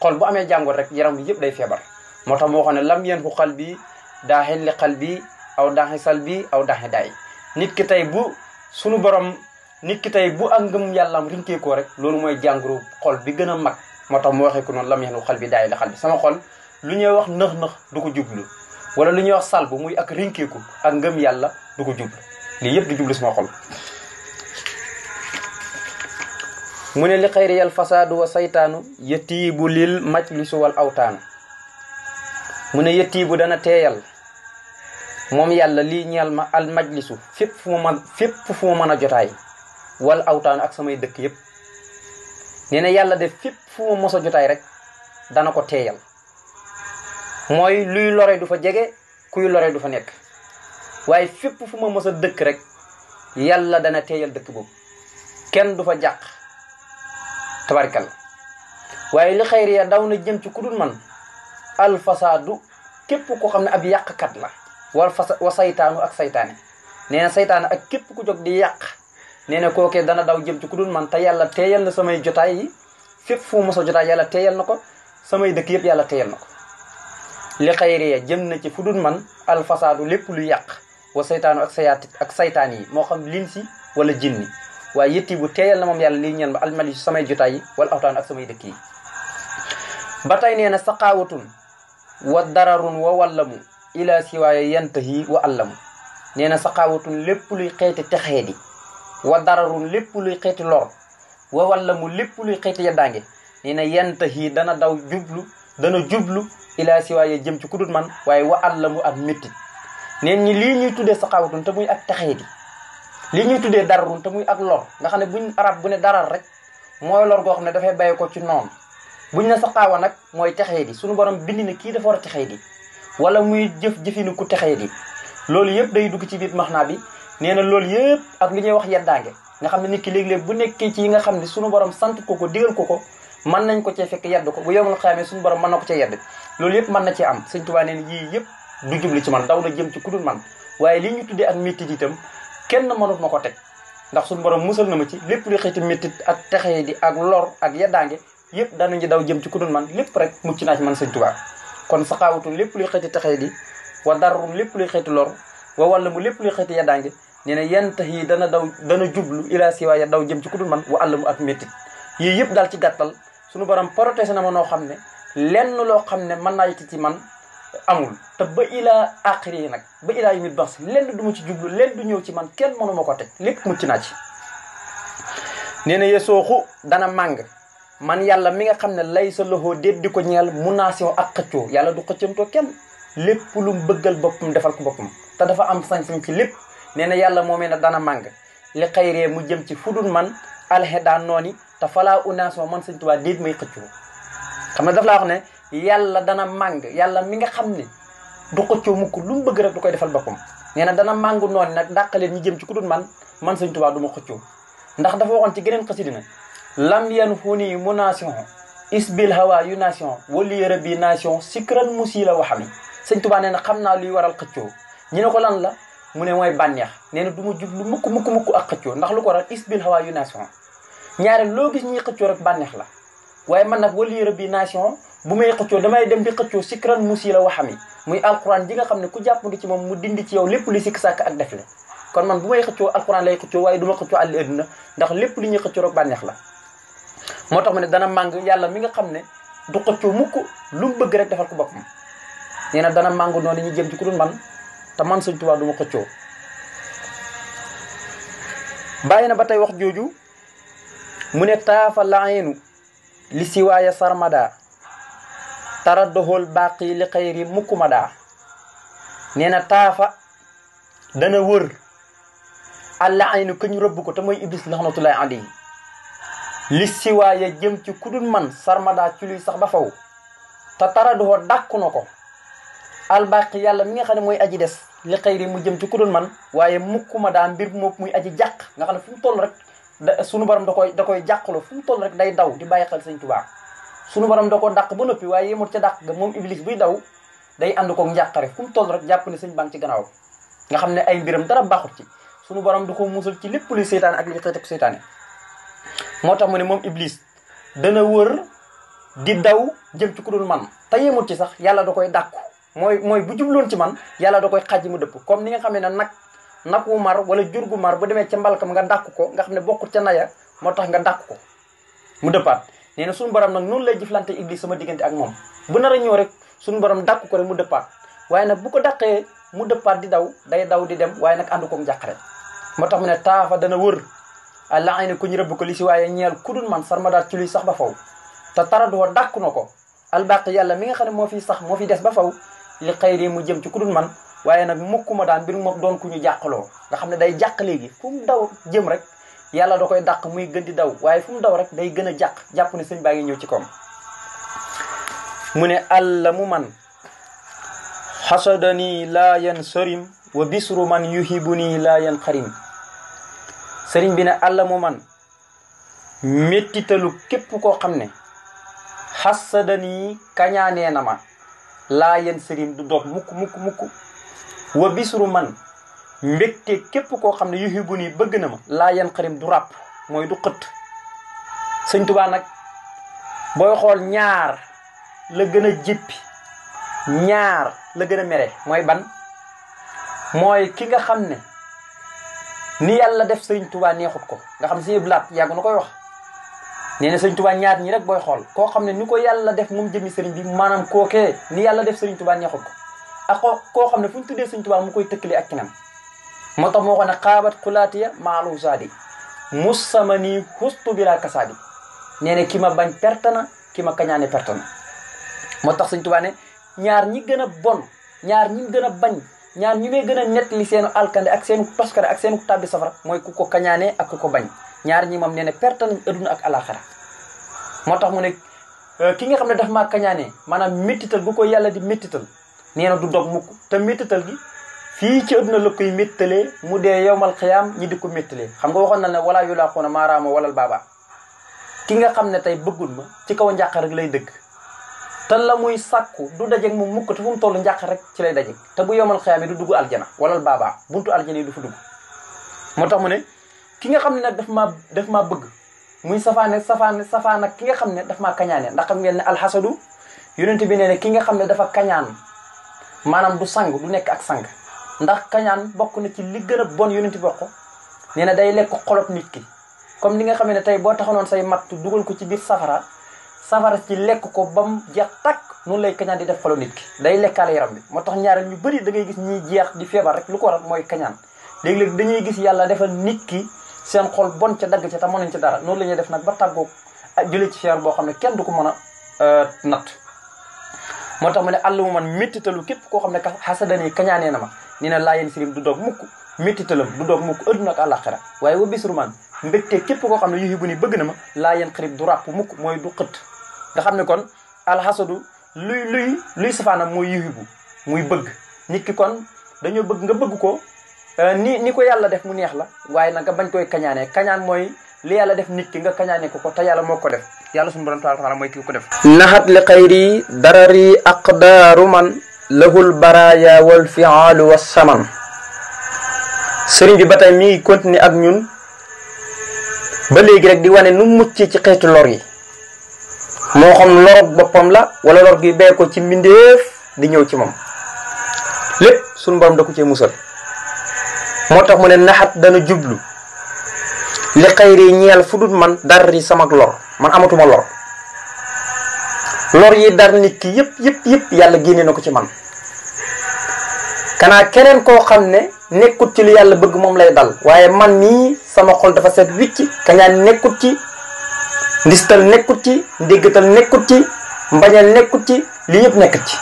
xol bu amee jàngoro rek yaram bi yëpp day feebar moo tax moo xam ne lam yeen ku xal bi daaxi li bi aw daaxi sal bi aw daaxi nit ki tey bu sunu borom nit ki tey bu ak ngëm yàllaam rinkeekoo rek loolu mooy jàngoro xol bi gën a mag moo tax mu waxee ko noonu lam yenu xal bi daay la xal bi sama xol lu ñuy wax nëx-nëx du ko jublu wala lu ñuy wax salbu muy ak rinkeeku ak ngëm yàlla du ko jublu lii yëpp du jublu sama xol mu ne li xayri yal fasaadu wa saytaanu yëttiibu lil majlisu wal awtaanu mu ne bu dana teeyal moom yàlla lii ñal ma al majlisu fépp fu ma mën a jotaay wal awtaanu ak samay dëkk yëpp nee na yàlla def fépp fu ma mos a jotaay rek dana ko teeyal mooy luy lore du fa jege kuy lore du fa nekk waaye fépp fu ma mos a dëkk rek yàlla dana teeyal dëkk boobu kenn du fa jàq tabarkal waaye li xayri ya daw na jëm ci ku dul man alfasaadu képp koo xam ne ab yàqkat la wal fasa wa saytaanu ak saytaane nee na saytaane ak képp ku jóg di yàq nee na kookee dana daw jëm ci ku dul man te yàlla teeyal na samay jotaay yi fépp fu mos a jotaay yàlla teeyal na ko samay dëkk yëpp yàlla teeyal na ko li xayriya jëm na ci fu dul man alfasaadu lépp lu yàq wa saytaanu ak sayaat ak saytaan yi moo xam lin si wala jinni waaye yëtti bu teeyal na moom yàlla lii ñeen ba almali samay jotaay yi wala awtaan ak samay dëkk yi ba tey nee na saqaawatun wa dararun wa wallamu ila siwaaya yantahi wa allamu nee na saqaawatun lépp luy xeeti texee di wa dararun lépp luy xeeti lor wa la mu lépp luy xeeti yeddaange nee na yantahi dana daw jublu dana jublu ilaa si waaye jëm ci kudut man waaye wa alla mu ak méttit neen ñi li ñuy tuddee saxaawatun te muy ak texee di li ñuy tuddee dararun te muy ak lor nga xam ne buñ arab bu ne darar rek mooy lor goo xam ne dafay bàyyi ko ci noonu buñ ne saxaawa nag mooy texee di suñu borom bind ne kii dafa war a texee di wala muy jëf jëfinu ku texee loolu yëpp day dugg ci biir maxnaa bi nee na loolu yëpp ak lu ñuy wax yeddaange nga xam ne nit ki léeg-léeg bu nekkee ci yi nga xam ni suñu borom sant ko ko digal ko ko mën nañ ko cee fekk yedd ko bu yowmal xayaamee suñu borom mën na ko cee yedd loolu yëpp mën na cee am sëñ Tuubaa nee na yii yëpp du jubli ci man daw na jëm ci ku dul man waaye li ñu tuddee ak métti itam kenn mënut ma ko teg ndax suñu borom musal na ma ci lépp lu xëyti métti ak texee di ak lor ak yeddaange yëpp danu ñu daw jëm ci ku dul man lépp rek mucc naa ci man sëñ Tuubaa kon saxaawatu lépp luy xëyti texee di wa darru lépp luy xëyti lor waaw walla mu lépp luy xeeti yeddaange nee na yenn tax yi dana daw dana jublu ilaa siwaaya daw jëm ci ku dul man wa àll mu ak méttit yii yëpp daal ci gàttal suñu baram protégé na ma noo xam ne lenn loo xam ne mën naa yiti ci man amul te ba ilaa aqri yi nag ba ilaa yu mit bas lenn du ci jublu lenn du ñëw ci man kenn mënu ma ko teg lépp mucc naa ci nee na yesooxu dana màng man yàlla mi nga xam ne lay sa loxoo déet di ko ñeel mun naa siw ak xëccoo yàlla du xëccantoo kenn lépp lu mu bëggal boppam defal ko boppam te dafa am sañ-sañ ci lépp nee na moo moomee na dana màng li xayree mu jëm ci fudul man alxedaan nooni te falaa unaasoo man sëñ Tuubaa déet may xëccoo xam ne daf laa ne yàlla dana màng yàlla mi nga xam ne du xëccoo mukk lu mu du koy defal boppam nee na dana màngu nooni nag dàqaleen ñu jëm ci ku man man sëñ Tuubaa du ma xëccoo ndax dafa waxoon ci geneen xasida na lam yan xuni mu nation isbil hawa yu nation wali yërëb yi nation sikran musi la waxami sëñ Tuubaa nee na xam naa luy waral xëccoo ñu ne ko lan la mu ne mooy bànneex nee na du mu jublu mukk mukk mukk ak xëccoo ndax lu ko a isbil hawa yu nation ñaare loo gis ñuy xëccoo rek bànneex la waaye man nag waliyu rabbi nation bu may xëccoo damay dem di xëccoo sikran musi la waxami muy alquran ji nga xam ne ku jàppandi ci moom mu dindi ci yow lépp lu sikk sàkk ak defle kon man bu may xëccoo alquran lay xëccoo waaye du ma xëccoo àlli na ndax lépp li ñuy xëccoo rek bànneex la moo tax mu ne dana màng yàlla mi nga xam ne du xëccoo mukk lu mu bëgg ko boppam nee na dana màng noonu ñu jëm ci ku dul te man sëñ Tuubaa du ma xëccoo bàyyi na ba tey wax jooju mu ne taafa laayenu li siwaaya sarmada taraddoxool baqi li xayri mukkumada nee na taafa dana wër àllaaynu kañ rëbb ko te mooy iblis laxnatullahi alayhi li siwaaya jëm ci kudul man sarmada ci luy sax ba faw te taraddoxoo dàkku na ko albaqi yàlla mi nga xam ne mooy aji des li xëyri mu jëm ci ku dul man waaye mukkuma daa mbir moom muy aji jàq nga xam ne fu mu toll rek da sunu baram da koy da koy jàqloo fu mu toll rek day daw di bàyyi xel sëñ Tuubaa sunu borom da ko dàq ba noppi waaye yemul ca dàq nga moom iblis buy daw day ànd ko njàqare fu mu toll rek jàpp ne sëñ baa ci gannaaw nga xam ne ay mbiram dara baaxut ci sunu borom du ko musal ci lépp luy seytaane ak li xeet ak seytaane moo tax mu ne moom iblis dana wër di daw jëm ci ku dul man te yemul ci sax yàlla da koy dàqu mooy mooy bu jubloon ci man yàlla da koy xàjji mu dëpp comme ni nga xam ne nag nag wu mar wala jur gu mar bu demee ca mbalkam nga dàq ko nga xam ne bokkul ca naya moo tax nga dàq ko mu dëppaat nee na suñu baram nag noonu lay jëflante iblis sama diggante ak moom bu nar a ñëw rek suñu borom dàq ko rek mu dëppaat waaye nag bu ko dàqee mu dëppaat di daw day daw di dem waaye nag ànd ko njàqare moo tax mu ne taafa dana wër àla ay ne ku ñu rëbb ko li si waaye ñeel ku dul man sarmadaat ci luy sax ba faw te taradoo na ko albaq yàlla mi nga xam ne moo fiy sax moo fiy des ba faw li xayri mu jëm ci ku dul man waaye nag mukkuma daan mbir moom doon ku ñu jàqaloo nga xam ne day jàq léegi fu mu daw jëm rek yàlla da koy dàq muy gën di daw waaye fu daw rek day gën a jàq jàpp ne sëñ baa ngi ñëw ci kom mu ne alla mu man xasadani laa yan sorim wa bisru yan xarim sëriñ bi ne alla mu man méttitalu képp koo xam ne xasadani kañaanee na ma laa yéen sëriñ du doog mukk mukk mukk wa bisru man mbégte képp koo xam ne yuhibu nii bëgg na ma laa yéen xarim du ràpp mooy du xët sëñ tubaa nag booy xool ñaar la gën a jippi ñaar la gën a mere mooy ban mooy ki nga xam ne ni yàlla def sëriñ tubaa neexut ko nga xam ne si yëpp laat yàgg na koy wax nee na sëriñ Tuubaa ñaar ñi rek booy xool koo xam ne ni ko yàlla def moom jëmi sëriñ bi maanaam kookee ni yàlla def sëriñ Tuubaa neexut ko ak koo xam ne fu ñu tuddee sëriñ Tuubaa koy tëkkale ak kinam moo tax moo ko ne xaabat xulaatiya maalu saadi mus sama nii xustu bi laa kasaadi nee na ki ma bañ perte na ki ma kañaane perte moo tax sëriñ Tuubaa ñaar ñi gën a bon ñaar ñi gën a bañ ñaar ñi may gën a nettali seenu alkande ak seenu toskare ak seenu tabbi safara mooy ku ko kañaane ak ku ko bañ ñaar ñi moom nee na perte nañ ak alaxara moo tax mu ne euh, ki nga xam ne daf maa kañaanee maanaam méttital gu ko yàlla di méttital nee na du dog mukk te méttital gi fii ci adduna la koy méttalee mu dee yowmal xiyaam ñi di ko méttalee xam nga waxoon na ne walaa yu laa xoona maaraama walal baaba ki nga xam ne tey bëggul ma ci kaw njàq rek lay dëgg te la muy sàkku du dajeeg mu mukk te fu mu toll njàq rek ci lay dajeeg te bu yomal xiyaam yi du dugg aljana walal baaba buntu aljana yi ki nga xam ne nag daf ma daf maa bëgg muy safaane safaane safaan ak ki nga xam ne daf maa kañaane ndax xam ngeen ne alxasadu yonent bi nee ne ki nga xam ne dafa kañaan maanaam du sang du nekk ak sang ndax kañaan bokk na ci li gën a bon yonent bi ko nee na day lekk xolob nit ki comme ni nga xam ne tey boo taxanoon say matt dugal ko ci biir safara safara ci lekk ko ba mu jeex takk noonu lay kañaan di def xolo nit ki day lekkaale yaram bi moo tax ñaareel ñu bëri da ngay gis ñiy jeex di feebar rek lu ko mooy kañaan defal nit ki seen xol bon ca dagg ca te nañ ca dara noonu la ñuy def nag ba tàggoog ah, jëlee ci xeer boo xam ne kenn du ko mën a euh, natt moo tax mu ne àll mu man méttitalu képp koo xam ne xasadani kañaanee na ma ni ne laayeen sirim du doog mukk méttitalam du doog mukk adduna ak àllaaxira waaye wa bisrumaan mbégte képp koo xam ne yuhi bu ni bëgg na ma laayeen xarib du ràpp mukk mooy du xët nga xam ne kon alxasadu luy luy luy safaanam mooy yuhi bu muy bëgg nit ki kon dañoo bëgg nga bëgg ko Euh, ni ni ko yàlla def mu neex la waaye nag bañ koy kañaanee kañaan mooy li yàlla def nit ki nga kañaanee ko ko te yàlla moo ko def yàlla suñu borom taala taala mooy ki ko def naxat li xayri darari aqdaaru man lahul baraya wal fiaalu wa saman sëriñ bi ba tey mi ngi continuer ak ñun ba léegi rek di wane nu mucc ci xeetu lor yi moo xam lorog boppam la wala lor gi bee ko ci mbindeef di ñëw ci moom lépp sunu borom da ko cee musal moo tax mu ne naxat dana jublu li xayri ñeel fu dul man darri sama lor man amatuma lor lor yi dar nit ki yëpp yëpp yàlla génne na ko ci man kanaa keneen koo xam ne nekkut ci lu yàlla bëgg moom lay dal waaye man nii sama xol dafa set wicc kañaan nekkut ci ndistal nekkut ci ndéggatal nekkut ci mbañal nekkut ci li yëpp nekkut ci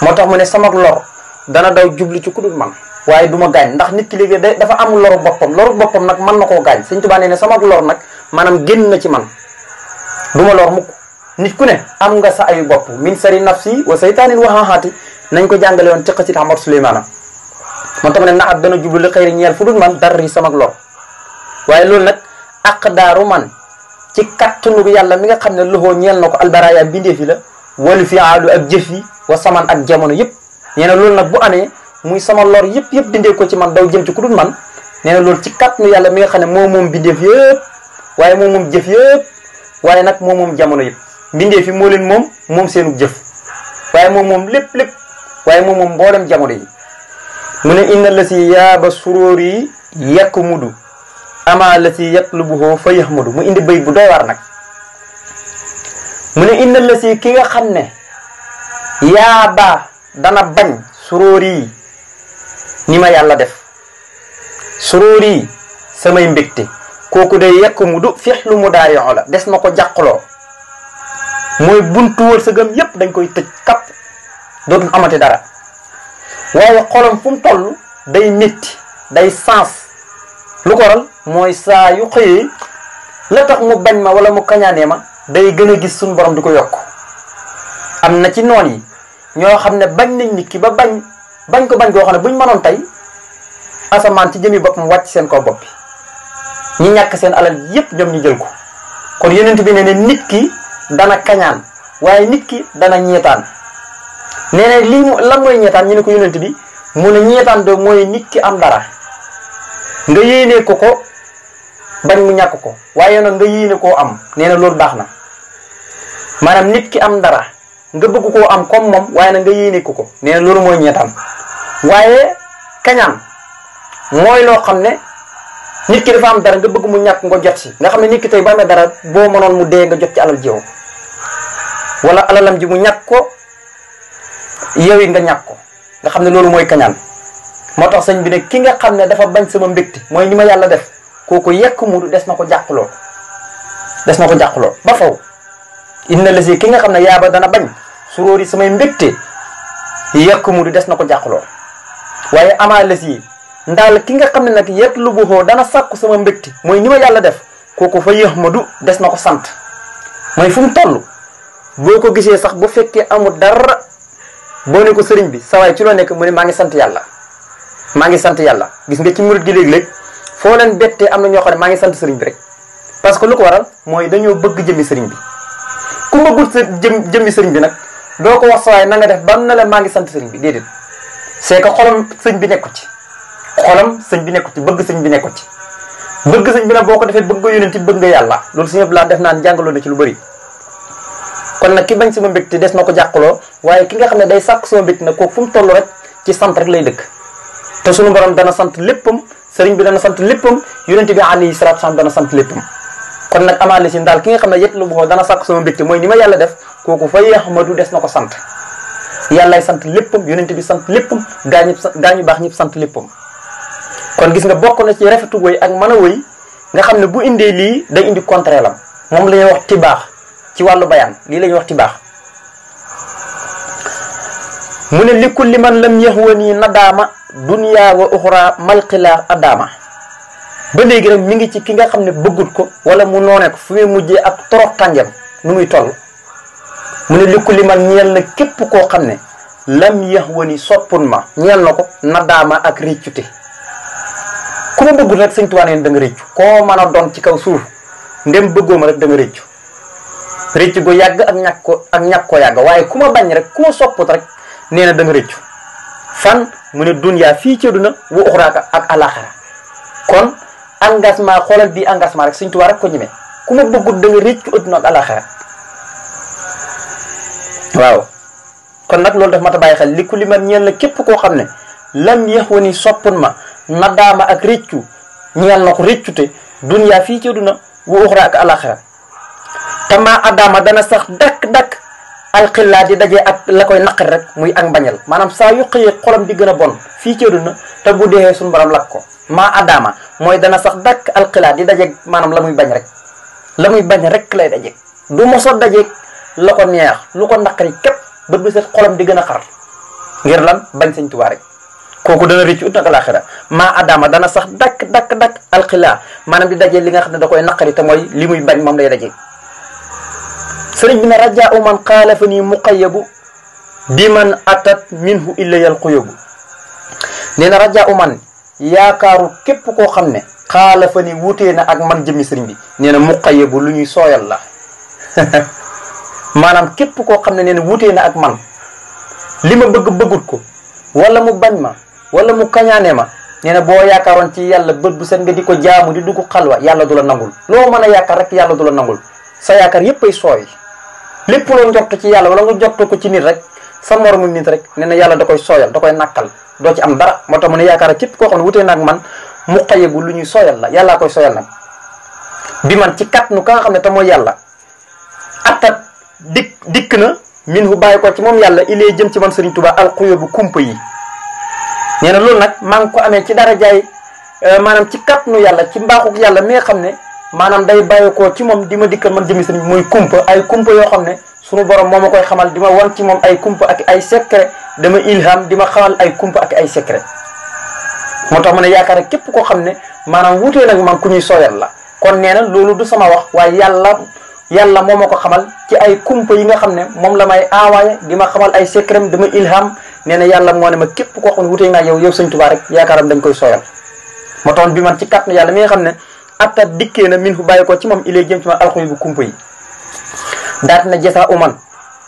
moo tax mu ne sama lor dana daw jublu ci ku dul man waaye du ma gaañ ndax nit ki léegi da dafa am loru boppam loru boppam nag mën na koo gaañ sëñ Tuubaa nee ne sama lor nag maanaam génn na ci man du ma lor mukk nit ku ne am nga sa ayu bopp min sari nafsi wa saytaanin wa hahaati nañ ko jàngale woon ci xasit Ahmad Suleymaana man tam ne naxat dana jublu li xëyri ñeel fu dul man darri sama lor waaye loolu nag aqdaaru man ci kattanu yàlla mi nga xam ne loxoo ñeel na ko albaraaya bindeefi la walu fi aalu ak jëf yi wa saman ak jamono yëpp nee loolu nag bu amee muy sama lor yëpp yëpp dindee ko ci man daw jëm ci ku dul man nee na loolu ci kàttanu yàlla mi nga xam ne moo moom bindeef yëpp waaye moom moom jëf yëpp waaye nag moom moom jamono yëpp bindeef yi moo leen moom moom seenu jëf waaye moom moom lépp lépp waaye moom moom mboolem jamono yi mu ne inna la si yaaba suróor yi yekk mudu ama la si yatlubuhu fa yahmadu mu indi bay bu doy waar nag mu ne inna la si ki nga xam ne yaaba dana bañ suróor yi ni ma yàlla def suróor yi samay mbégte kooku de yekk mu du fexlu mu daariyoo la des na ko jàqloo mooy buntu wërsëgam yépp dañ koy tëj kapp dootul amati dara waaye xolam fu mu day métti day sens lu ko waral mooy saa yu xëyee la tax mu bañ ma wala mu kañaanee ma day gën a gis suñ borom di ko yokk am na ci noon yi ñoo xam ne bañ nañ nit ki ba bañ bañ ko bañ koo xam ne bu buñ mënoon tey asamaan ci jëmi boppam wàcc seen kaw bopp bi ñi ñàkk seen alal yépp ñoom ñu jël ko kon yonent bi nee ne nit ki dana kañaan waaye nit ki dana ñeetaan ne ne lii lan mooy ñeetaan ñu ne ko yonent bi mu ne ñeetaan do mooy nit ki am dara nga yéenee ko ko bañ mu ñàkk ko waaye nag nga yéene koo am nee na loolu baax na maanaam nit ki am dara nga bëgg koo am comme moom waaye nag nga yéene ko ko nee na loolu mooy ñeetaan waaye kañaan mooy loo xam ne nit ki dafa am dara nga bëgg mu ñàkk nga jot si nga xam ne ba dara boo mënoon mu dee nga jot ci alal jiw wala alalam ji ñàkk ko yow it nga ko nga xam ne loolu mooy kañaan moo tax sañ bi ne ki nga xam ne dafa bañ sama mbégte mooy ni ma yàlla def kooku yekk mu des na ko jàqloo des na ko jàqloo ba faw inna la si ki nga xam ne yaaba dana bañ suróor yi samay mbégte yekk mu di des na ko jàqloo waaye amaa les yi ndaal ki nga xam ne nag yet lu buxoo dana sàkku sama mbégte mooy ni ma yàlla def kooku fa yéex ma du des na ko sant mooy fu mu toll boo ko gisee sax bu fekkee amut dara boo ne ko sëriñ bi sawaay ci loo nekk mu ne maa ngi sant yàlla maa ngi sant yàlla gis nga ci murit gi léeg-léeg foo leen bettee am na ñoo xam ne maa ngi sant sëriñ bi rek parce que lu ko waral mooy dañoo bëgg jëmmi sëriñ bi ku jëm jëmmi sëriñ bi nag doo ko wax sawaay na nga def bam na la maa ngi sant sëñ bi déedéet c'est que sëñ bi nekku ci xolam sëñ bi nekku ci bëgg sëñ bi nekku ci bëgg sëñ bi nag boo ko defee bëgg nga yónent bëgg nga yàlla loolu si laa def naan jàngaloo na ci lu bëri kon nag ki bañ sama mbégte des na ko jàqaloo waaye ki nga xam ne day sàkk sama mbégte nag kooku fu mu toll rek ci sant rek lay dëkk te sunu borom dana sant léppam sëriñ bi dana sant léppam yónent bi alayhi salaatu salaam dana sant léppam kon nag amaana si mooy ni ma yàlla def kooku fa yeex ma du des na ko sant yàllaay sant léppam yonent bi sant léppam gaa gaa ñu baax ñëpp sant léppam kon gis nga bokk na ci rafetu woy ak mën a woy nga xam ne bu indee lii day indi contraire lam moom la ñuy wax ti baax ci wàllu bayaan lii la wax ti baax mu ne li kulli man lam yahwani nadaama dunya wa uxra malqila adaama ba léegi nag mi ngi ci ki nga xam ne bëggut ko wala mu noone ko fu muy mujjee ak torox tànjam nu muy toll mu ne likku li man ñeel na képp koo xam ne lam yax wani soppun ma ñeel na ko naddaama ak réccute ku ma bëggul rek sëñ Tuubaa neen réccu doon ci kaw suuf ndem bëggooma rek da nga yàgg ak ñàkk waaye ku ma rek ku ma sopput rek nee fan mu ne dunyaa fii ci àddina wa uxraaka ak alaxara kon engagement xoolal bii engagement rek sëñ Tuubaa rek ko ñemee ku ma bëggul da réccu àddina ak alaxara waaw kon nag loolu daf mat a bàyyi xel li ku li man na képp koo xam ne lam yeex wa ni soppun ma daama ak réccu ñeel na ko réccute duniyaa fii ci na wa uxra ak alaxira tama addaama dana sax dakk-dakk alxillaa di dajee ak la koy naqari rek muy ak mbañal maanaam saa yu xëyee xolam di gën a bon fii ci na te bu dee suñu borom lakk ko maa addaama mooy dana sax dakk alxillaa di dajeeg maanaam la muy bañ rek la muy bañ rek lay dajeeg du moso dajeeg la ko neex lu ko naqari képp bët bu set xolam di gën a xar ngir lan bañ sëñ Tuubaa rek kooku dana rëcc ut nag alaxira maa adama dana sax dakk dakk dakk alxilaa maanaam di daje li nga xam ne da koy naqari te mooy li muy bañ moom lay daje sëriñ bi na rajaa man xaalafa nii muqayabu bi man atat minhu illa yalquyabu nee na rajaa man yaakaaru képp koo xam ne xaalafa ni wutee na ak man jëmmi sëriñ bi nee na muqayabu lu ñuy sooyal la maanaam képp koo xam ne nee na wutee na ak man li ma bëgg bëggut ko wala mu bañ ma wala mu kañaane ma nee boo yaakaaroon ci yàlla bët bu seen nga di ko jaamu di dugg xalwa yàlla du la nangul loo mën a yaakaar rek yàlla du la nangul sa yaakaar yépp ay sooy lépp loo njort ci yàlla wala nga njort ko ci nit rek sa moromu nit rek nee na yàlla da koy sooyal da koy nakkal doo ci am dara moo tax mu ne yaakaar képp koo xam ne wutee na ak man mu xayebu lu ñuy sooyal la yàllaa koy sooyal nag man ci kat ka xam ne te mooy yàlla dikk dikk na min hu bàyyi koo ci moom yàlla ilee jëm ci man sëriñ Tuubaa bu kumpa yi nee na loolu nag maa ngi ko amee ci dara jaay euh, maanaam ci kàttanu yàlla ci mbaaxuk yàlla mi nga xam ne maanaam day koo ci moom di ma dikkal man jëmi sëriñ muy kumpa ay kumpa yoo xam ne sunu borom moo ma koy xamal di ma wan ci moom ay kumpa ak ay secret dama ilham di ma xamal ay kumpa ak ay secret moo tax ma ne yaakaar képp koo xam ne maanaam wuutee nag man ku ñuy la yàlla moom ma ko xamal ci ay kumpa yi nga xam ne moom la may aawaaya di ma xamal ay secret dama ilham nee na yàlla moo ne ma képp koo xam ne wutee nga yow yow sëñ Tuubaa rek yaakaaram dañ koy sooyal ma toon bi man ci kàttan yàlla mi nga xam ne atta dikkee na min fu bàyyi ko ci moom ilay jëm ci man alxuy bu kumpa yi daat na jasa uman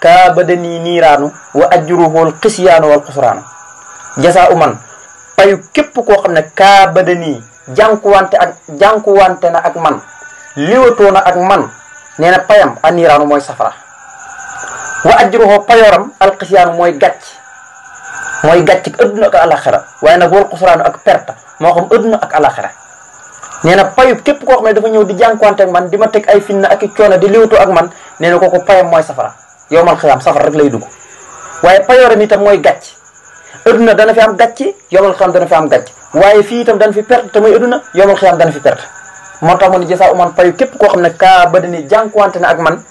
kaa badanii niiraanu wa ajruhul xisyaanu wal xusraanu jasa uman payu képp koo xam ne kaa badanii jànkuwante ak jànkuwante na ak man liwatoo na ak man nee na payam aniraanu mooy safara wa ajruhu payooram alxisiyaanu mooy gàcc mooy gàcc ak adduna ak alaxira waaye nag wal xusraanu ak perte moo xam adduna ak alaxira nee na képp koo xam ne dafa ñëw di jànkuwante ak man di ma teg ay na ak i coono di liwtu ak man nee na kooku payam mooy safara yowmal xiyaam safara rek lay dugg waaye payooram itam mooy gàcc adduna dana fi am gàcc yowmal xiyaam dana fi am gàcc waaye fii itam dana fi perte te mooy adduna yowmal fi moo tax mu ne jasa uman payu képp koo xam ne kaa ba dani jànkuwante na ak man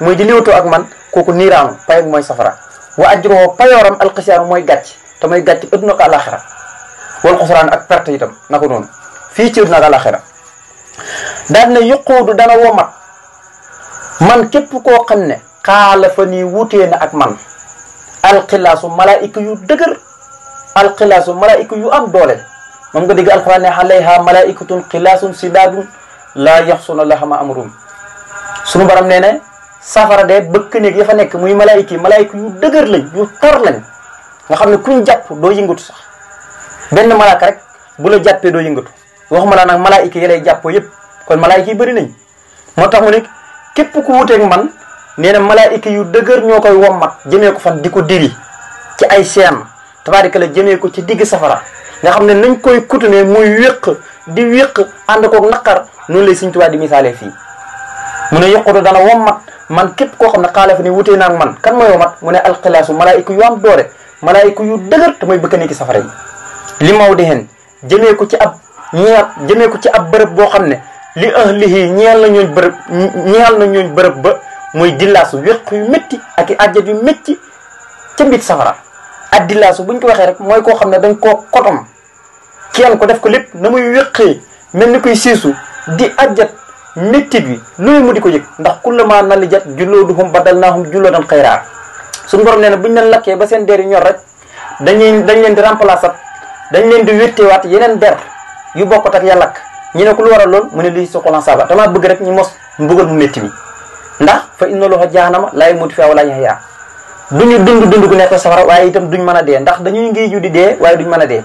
muy di liwatoo ak man kooku niiraanu payam mooy safara wa ajroo payooram alxisaan mooy gàcc te mooy gàcc adduna ko alaxira wal xusraan ak perte itam na ko noonu fii ci adduna ak alaxira daal ne yuquudu dana womat man képp koo xam ne xaala fa nii wutee na ak man alxilaasu malaayika yu dëgër alxilaasu malaayika yu am doole moom nga dégg alxuraan ne alayha malaikatun si sidaadun laa yaxsuna laha ma amrum suñu borom nee ne safara de bëkk néeg ya fa nekk muy malaayika yi malaayika yu dëgër lañ yu tar lañ nga xam ne kuñ jàpp doo yëngatu sax benn malaaka rek bu la jàppee doo yëngatu waxuma la nag malaayika yi lay jàppoo yëpp kon malaayika yi bëri nañ moo tax mu ne képp ku wuteeg man nee na malaayika yu dëgër ñoo koy wommat jëmee ko fan di ko diri ci ay seen tabaarika la jëmee ko ci digg safara nga xam ne nañ koy kutanee muy wéq di wéq ànd koog naqar noonu lay Sëñ Tuubaa di misaalee fii mu ne yoqutu dana wommat man képp koo xam ne xaalafa ni wutee naag man kan mooy wommat mu ne alxilaasu malaayika yu am doore malaayika yu dëgër te mooy bëkkanee ki safara li maw di hen ko ci ab ñeel ko ci ab bërëb boo xam ne li ahlihi ñeel na ñooñ bërëb ñeel na ñooñ ba muy dillaasu wéq yu métti ak i ajjat yu métti ca mbit safara ak dillaasu buñ ko waxee rek mooy koo xam ne dañ koo kotom keel ko def ko lépp na muy wéqee mel ni koy siisu di ajjat méttit bi lu mu di ko yëg ndax kullama nalijat julooduhum badalnaahum juloodan xayraa suñu borom nee na bu ñu leen lakkee ba seen der yi ñor rek dañuy dañ leen di dañ leen di wétteewaat yeneen der yu bokkut ak ya lakk ñu ne ku lu waral lool mu ne lii soxla saaba damaa bëgg rek ñu mos mbugal mu métti bi ndax fa inna looxa jaanama laay muti fi wala yaxyaa duñu dund dund gu nekk safara waaye itam duñ mën a dee ndax dañuy ngi ju di dee waaye duñ mën a dee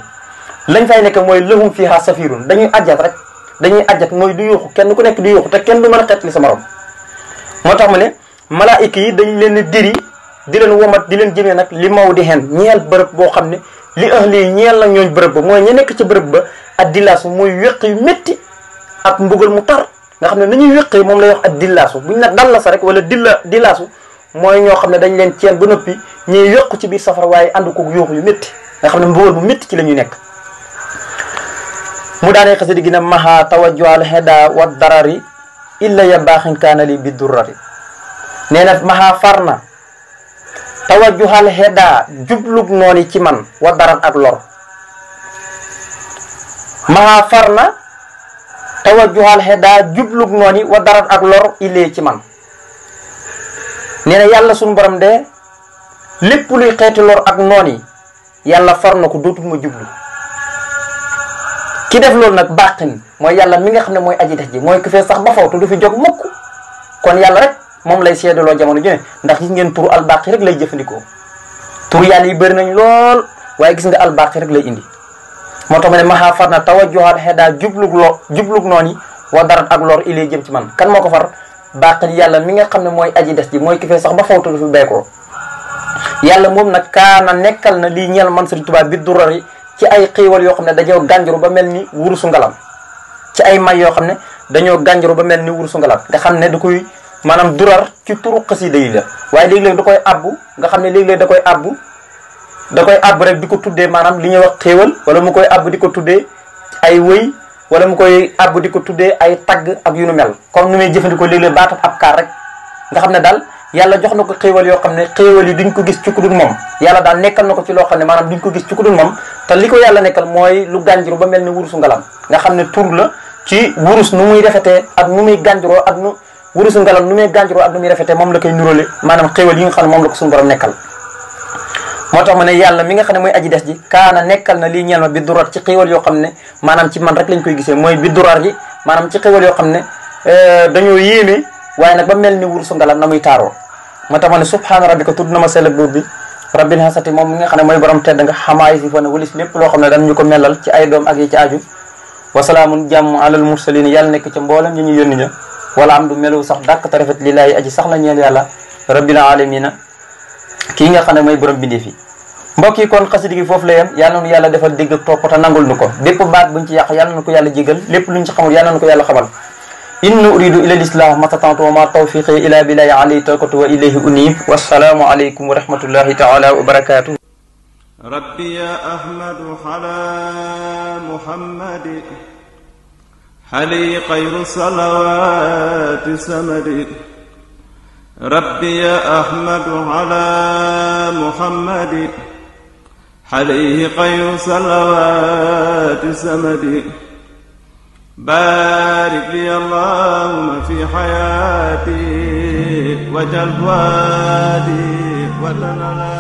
lañ fay nekk mooy lahum fiha safirun dañuy ajjat rek dañuy ajjat mooy du yuuxu kenn ku nekk di yuuxu te kenn du mën a xeet li sa morom moo tax ma ne malaayika yi dañ leen diri di leen womat di leen jëmee nag li maw di hen ñeen bërëb boo xam ne li ahli ñeen la ñooñ bërëb ba mooy ña nekk ca bërëb ba ak dillaasu mooy wéq yu métti ak mbugal mu tar nga xam ne nañuy wéqee moom lay wax ak dillaasu buñ nag dal la sa rek wala dilla dillaasu mooy ñoo xam ne dañ leen ceen ba noppi ñuy yokk ci biir safara waaye ànd ko yuuxu yu métti nga xam ne mbugal mu métti ci la ñuy nekk mu daanee xasida gi ne maha tawajjual heda wa darari illa ya baaxin bi durrari nee na maha far na tawajjual heda jublug nooni ci man wa daran ak lor maha far na tawajjual heda jublug nooni wa daran ak ci man nee na yàlla sunu borom de lépp luy xeeti lor ak noon yi yàlla far na ko dootul ma ki def loolu nag bàqin mooy yàlla mi nga xam ne mooy aji dex ji mooy ku sax ba faw te du fi jóg kon yàlla rek moom lay seedaloo jamono ju ndax gis ngeen turu albaqi rek lay jëfandikoo tur yàlla yi bëri nañ lool waaye gis nga albaqi rek lay indi moo tax ma ne maxaa far na taw a joxaat xeddaa jublug lo jublug noonu yi wa darat ak lor ilay jëm ci man kan moo ko far bàqin yàlla mi nga xam ne mooy aji des ji mooy ki fee sax ba faw te du fi beekoo yàlla moom nag kaana nekkal na lii ñeel man Sëriñ Tuubaa bi durari ci ay xiiwal yoo xam ne dañoo gànjaru ba mel ni wurusu ngalam ci ay may yoo xam ne dañoo gànjaru ba mel ni wurusu ngalam nga xam ne du koy maanaam durar ci turu xasida yi la waaye léeg-léeg du koy abbu nga xam ne léeg da koy abbu da àbb rek di ko tuddee maanaam li ñuy wax xéewal wala mu koy àbb di ko tuddee ay wëy wala mu koy àbb di ko tuddee ay tagg ak yu nu mel comme ni may jëfandikoo léeg-léeg baatab ab kaar rek nga xam ne daal yàlla jox na ko xéewal yoo xam ne xéewal yi duñ ko gis ci ku dul moom yàlla daal nekkal na ko ci loo xam ne maanaam duñ ko gis ci ku dul ko yàlla nekkal mooy lu gànjiru mel ni wurusu ngalam nga xam ne tur la ci wurus muy rafetee ak nu muy gànjiroo ak nu wurusu ngalam nu muy gànjiroo ak nu muy rafetee moom la koy nuróole maanaam xéewal yi nga xam ne moom la ko moo tax ma ne yàlla mi nga xam ne mooy aji des ji kaana nekkal na lii ñeel ma bi yoo xam ne maanaam ci man rek lañ koy gisee mooy bi durar ji maanaam ci xéewal yoo xam ne euh, dañoo yéeme waaye nag ba mel ni wursu ngalam na muy taaroo ma tax ma ne subhaana rabbika tudd na ma sell ak buur bi rabbil hasati moom mu nga xam ne mooy borom tedd nga xamaay si fa ne walis lépp loo xam ne dañu ko melal ci ay doom ak yi ci aju wasalaamun ñu yónni ña wala am sax dàkk te rafet lillaahi aji sax la ñeel yàlla rabbil alamina kii nga xam ne mooy borom bindee fi mbokk yi kon xasidi gi foofu la yem yal na nu yàlla defal dégg ak topp te nangul nu ko bépp baat buñ ci yàq yal nu ko yàlla jégal lépp in uridu ila lislam matatantu wa ma tawfiqi ila billahi alayhi tawakkaltu wa ilayhi unib wassalaamu aleykum wa rahmatullahi taala wa barakatuh rabbi ya ahmadu ala muhammadi hali xayru salawati samadi rabbi ya ahmadu ala muhammadi hali xayru salawati samadi baarik li allahumma fi xayaati wajal waadi wala